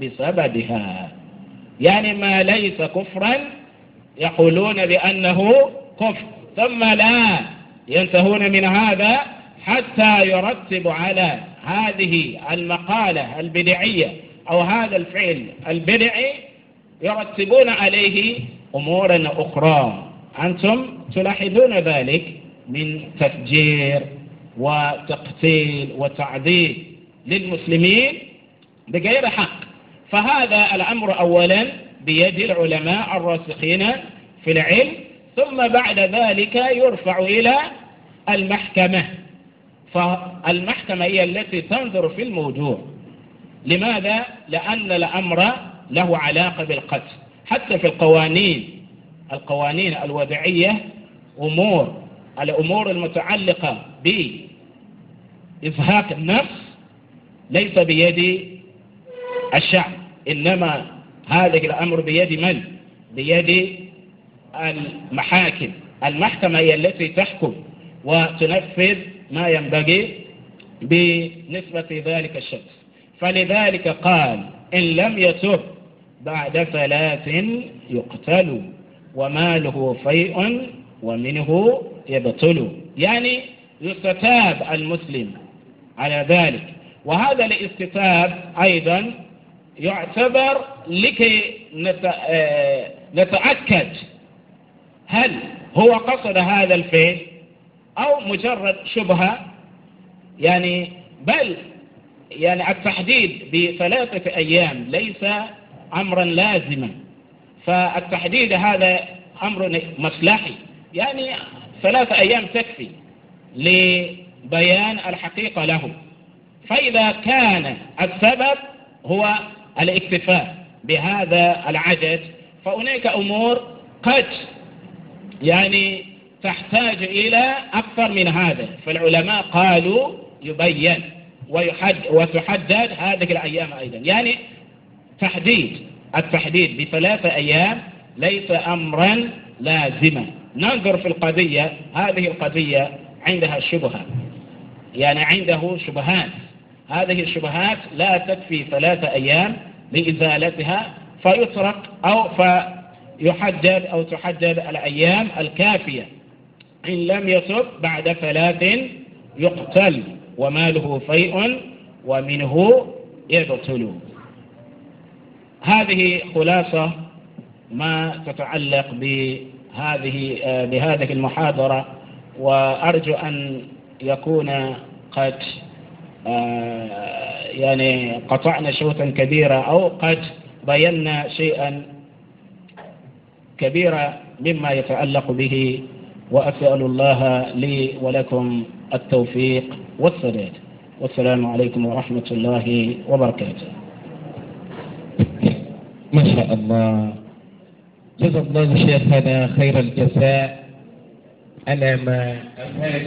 بسببها يعني ما ليس كفرا يقولون بأنه كفر ثم لا ينتهون من هذا حتى يرتب على هذه المقالة البدعية أو هذا الفعل البدعي يرتبون عليه أمورا أخرى أنتم تلاحظون ذلك من تفجير وتقتيل وتعذيب للمسلمين بغير حق فهذا الأمر أولا بيد العلماء الراسخين في العلم ثم بعد ذلك يرفع إلى المحكمة فالمحكمة هي التي تنظر في الموضوع لماذا؟ لأن الأمر له علاقة بالقتل حتى في القوانين القوانين الوضعية أمور الأمور المتعلقة بإزهاق النفس ليس بيد الشعب إنما هذا الأمر بيد من؟ بيد المحاكم المحكمة هي التي تحكم وتنفذ ما ينبغي بنسبة ذلك الشخص فلذلك قال إن لم يتب بعد ثلاث يقتل وماله فيء ومنه يبطل يعني يستتاب المسلم على ذلك وهذا الاستتاب أيضا يعتبر لكي آه، نتأكد هل هو قصد هذا الفعل أو مجرد شبهة يعني بل يعني التحديد بثلاثة أيام ليس أمرا لازما فالتحديد هذا أمر مصلحي يعني ثلاثة أيام تكفي لبيان الحقيقة له فإذا كان السبب هو الاكتفاء بهذا العدد فهناك أمور قد يعني تحتاج إلى أكثر من هذا فالعلماء قالوا يبين ويحد وتحدد هذه الأيام أيضا يعني تحديد التحديد بثلاثة أيام ليس أمرا لازما ننظر في القضية هذه القضية عندها شبهة يعني عنده شبهات هذه الشبهات لا تكفي ثلاثة أيام لإزالتها فيطرق أو فيحدد أو تحدد الأيام الكافية إن لم يصب بعد ثلاث يقتل وماله فيء ومنه يقتل هذه خلاصة ما تتعلق بهذه بهذه المحاضرة وأرجو أن يكون قد آه، يعني قطعنا شوطا كبيرا أو قد بينا شيئا كبيرا مما يتعلق به وأسأل الله لي ولكم التوفيق والسداد والسلام عليكم ورحمة الله وبركاته ما شاء الله جزا الله شيخنا خير الجزاء على ما أفاد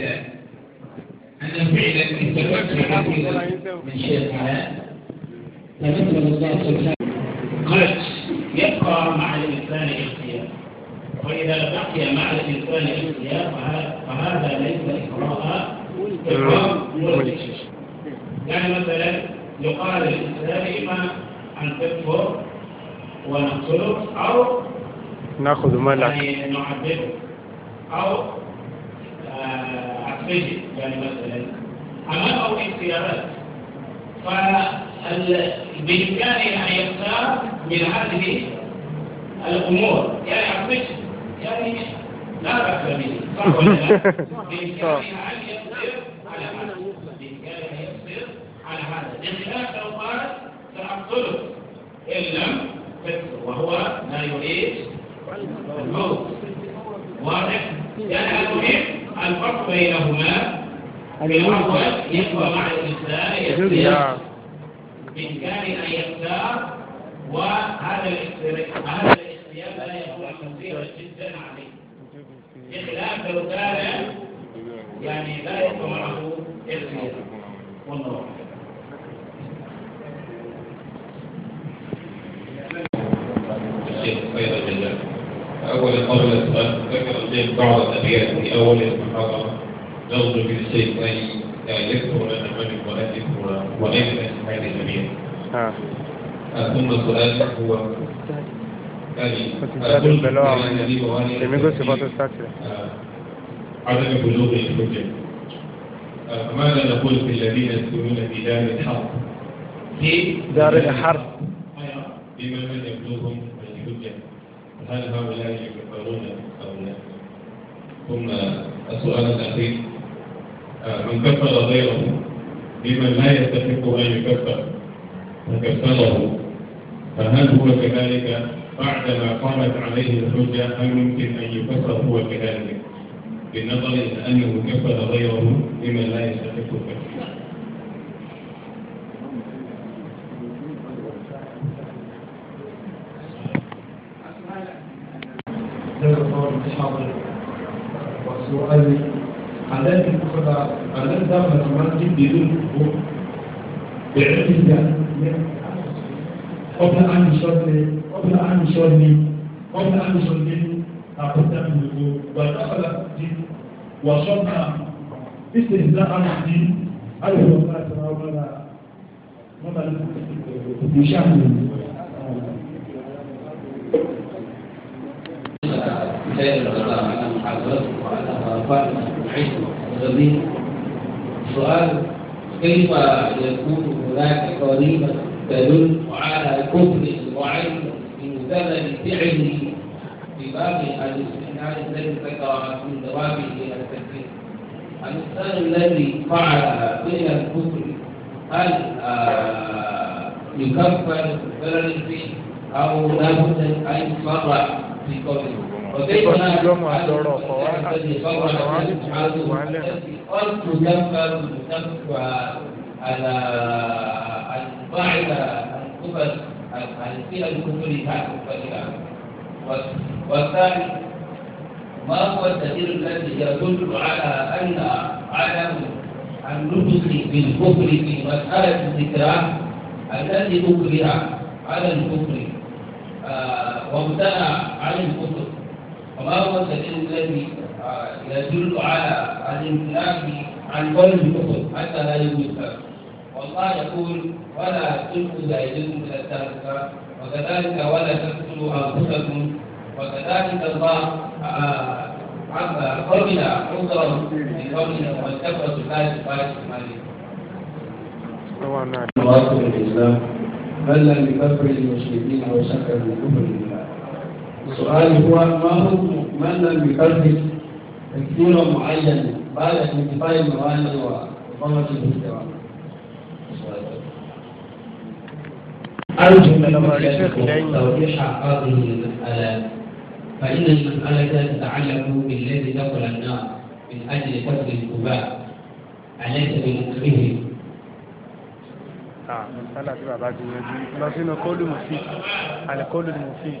أنا فعلا استفدت كثيرا من شيخنا فنسأل الله سبحانه قلت يبقى مع الإنسان اختيار وإذا بقي مع الإنسان اختيار فهذا ليس إقراءً يعني مثلا يقال للإنسان إما أن تكفر ونقتله أو ناخذ مالك يعني نعذبه أو أكفيه يعني مثلا أما أو اختيارات فبإمكانه يعني أن يختار من هذه الأمور يعني أكفيه يعني لا بأس به صح ولا لا؟ بإمكانه أن يختار على هذا ان يصبر على هذا بخلاف لو قالت سأقتله إن لم تكفر وهو لا يريد الموت واضح؟ يعني المهم الفرق بينهما بالأول يقوى مع الإنسان يصبر بإمكانه أن يختار وهذا هذا الاختيار لا يكون خطيرا جدا عليه بخلاف لو كان يعني لا يبقى معه إرسية والله أول قبل السؤال ذكر الشيخ بعض الأبيات في أول المحاضرة نرجو من الشيخ أن لا يكفر لنا من ولا يذكر ولا يكفر هذه الأبيات آه، ثم السؤال هو أقول si può attestare. عدم بلوغ الحجة فماذا آه، نقول في الذين يسكنون في دار الحرب في دار الحرب بما لم يبلغهم الحجة هل هؤلاء يكفرون أو لا ثم السؤال الأخير آه، من كفر غيره بمن لا يستحق أن يكفر فكفره فهل هو كذلك بعدما قامت عليه الحجة أم يمكن أن يكفر هو كذلك بالنظر إلى أنه كفل غيره بما لا يستحق الكفر وسؤالي هل تدخل هل دخل المسجد بدون وضوء بعلمك قبل أن يصلي قبل أن يصلي قبل أن يصلي لابد من الوضوء ودخل المسجد وصلنا استهزاء الدين ألف وثلاثة ولا في نشان سؤال كيف يكون هناك قرينة تدل على كفر معين من زمن فعله في باب الاستثناء عن الذي ذكر من دوابه الى التكفير الانسان الذي فعل بين الكفر هل يكفر كفرا فيه او لابد ان يصرع في قوله وكيف نعلم الذي صرع قد تكفر تكفر على بعد الكفر الفئه الكفر تكفر والثالث ما هو الدليل الذي يدل على أن عدم النطق بالكفر في مسألة الذكرى الذي أكره على الكفر آه، وامتنع عن الكفر وما هو الدليل الذي آه، يدل على الامتناع عن كل الكفر حتى لا يجوز والله يقول ولا تلقوا بأيديكم من التهلكة وكذلك ولا تقتلوا أنفسكم وكذلك الله آه، قبل عذره لقوله ومن كفر بالله فارس الملك. وأكثر الإسلام بل لم يكفر المشركين وشك كفر الله. السؤال هو ما هو من لم يكفر تكفيرا معينا بعد انتفاء الموانع وإقامة الاحترام؟ أرجو من الشيخ توضيح هذه المسألة فإن المسألة تتعلق بالذي دخل النار من أجل قتل الكباء أليس بمكره نعم آه، المسألة تبقى بعد لازم قول المفيد على قول المفيد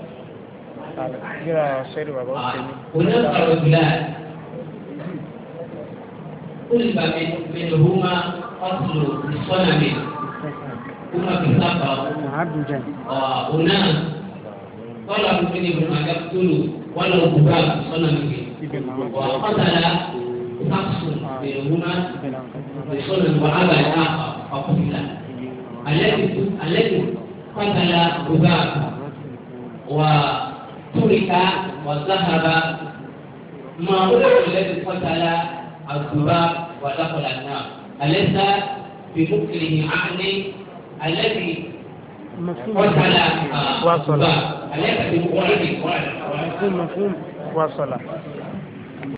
على كثير شيء بابا آه، هناك رجلان قلب منهما قتل الصنم هما في السفر آه، هناك kọ́lá nìkan ní ìbùnà àdàkùtòlù wọ́n lọ bùbá kọ́lá nìkan. wà á kọ́tàlá fásitì bẹ̀rùmá bẹ̀sọ̀rọ̀ wà á bàyà ọ̀kùnfìlà. alẹ́ kù kọ́tàlá bùbá wà túrìkà wà záhàbà mọ̀ ọ́n lẹ́kù kọ́tàlá àgùbá wà dákọ̀lá náà. alẹ́ sá fi mú kiri ní àná alẹ́ وصلى وصلى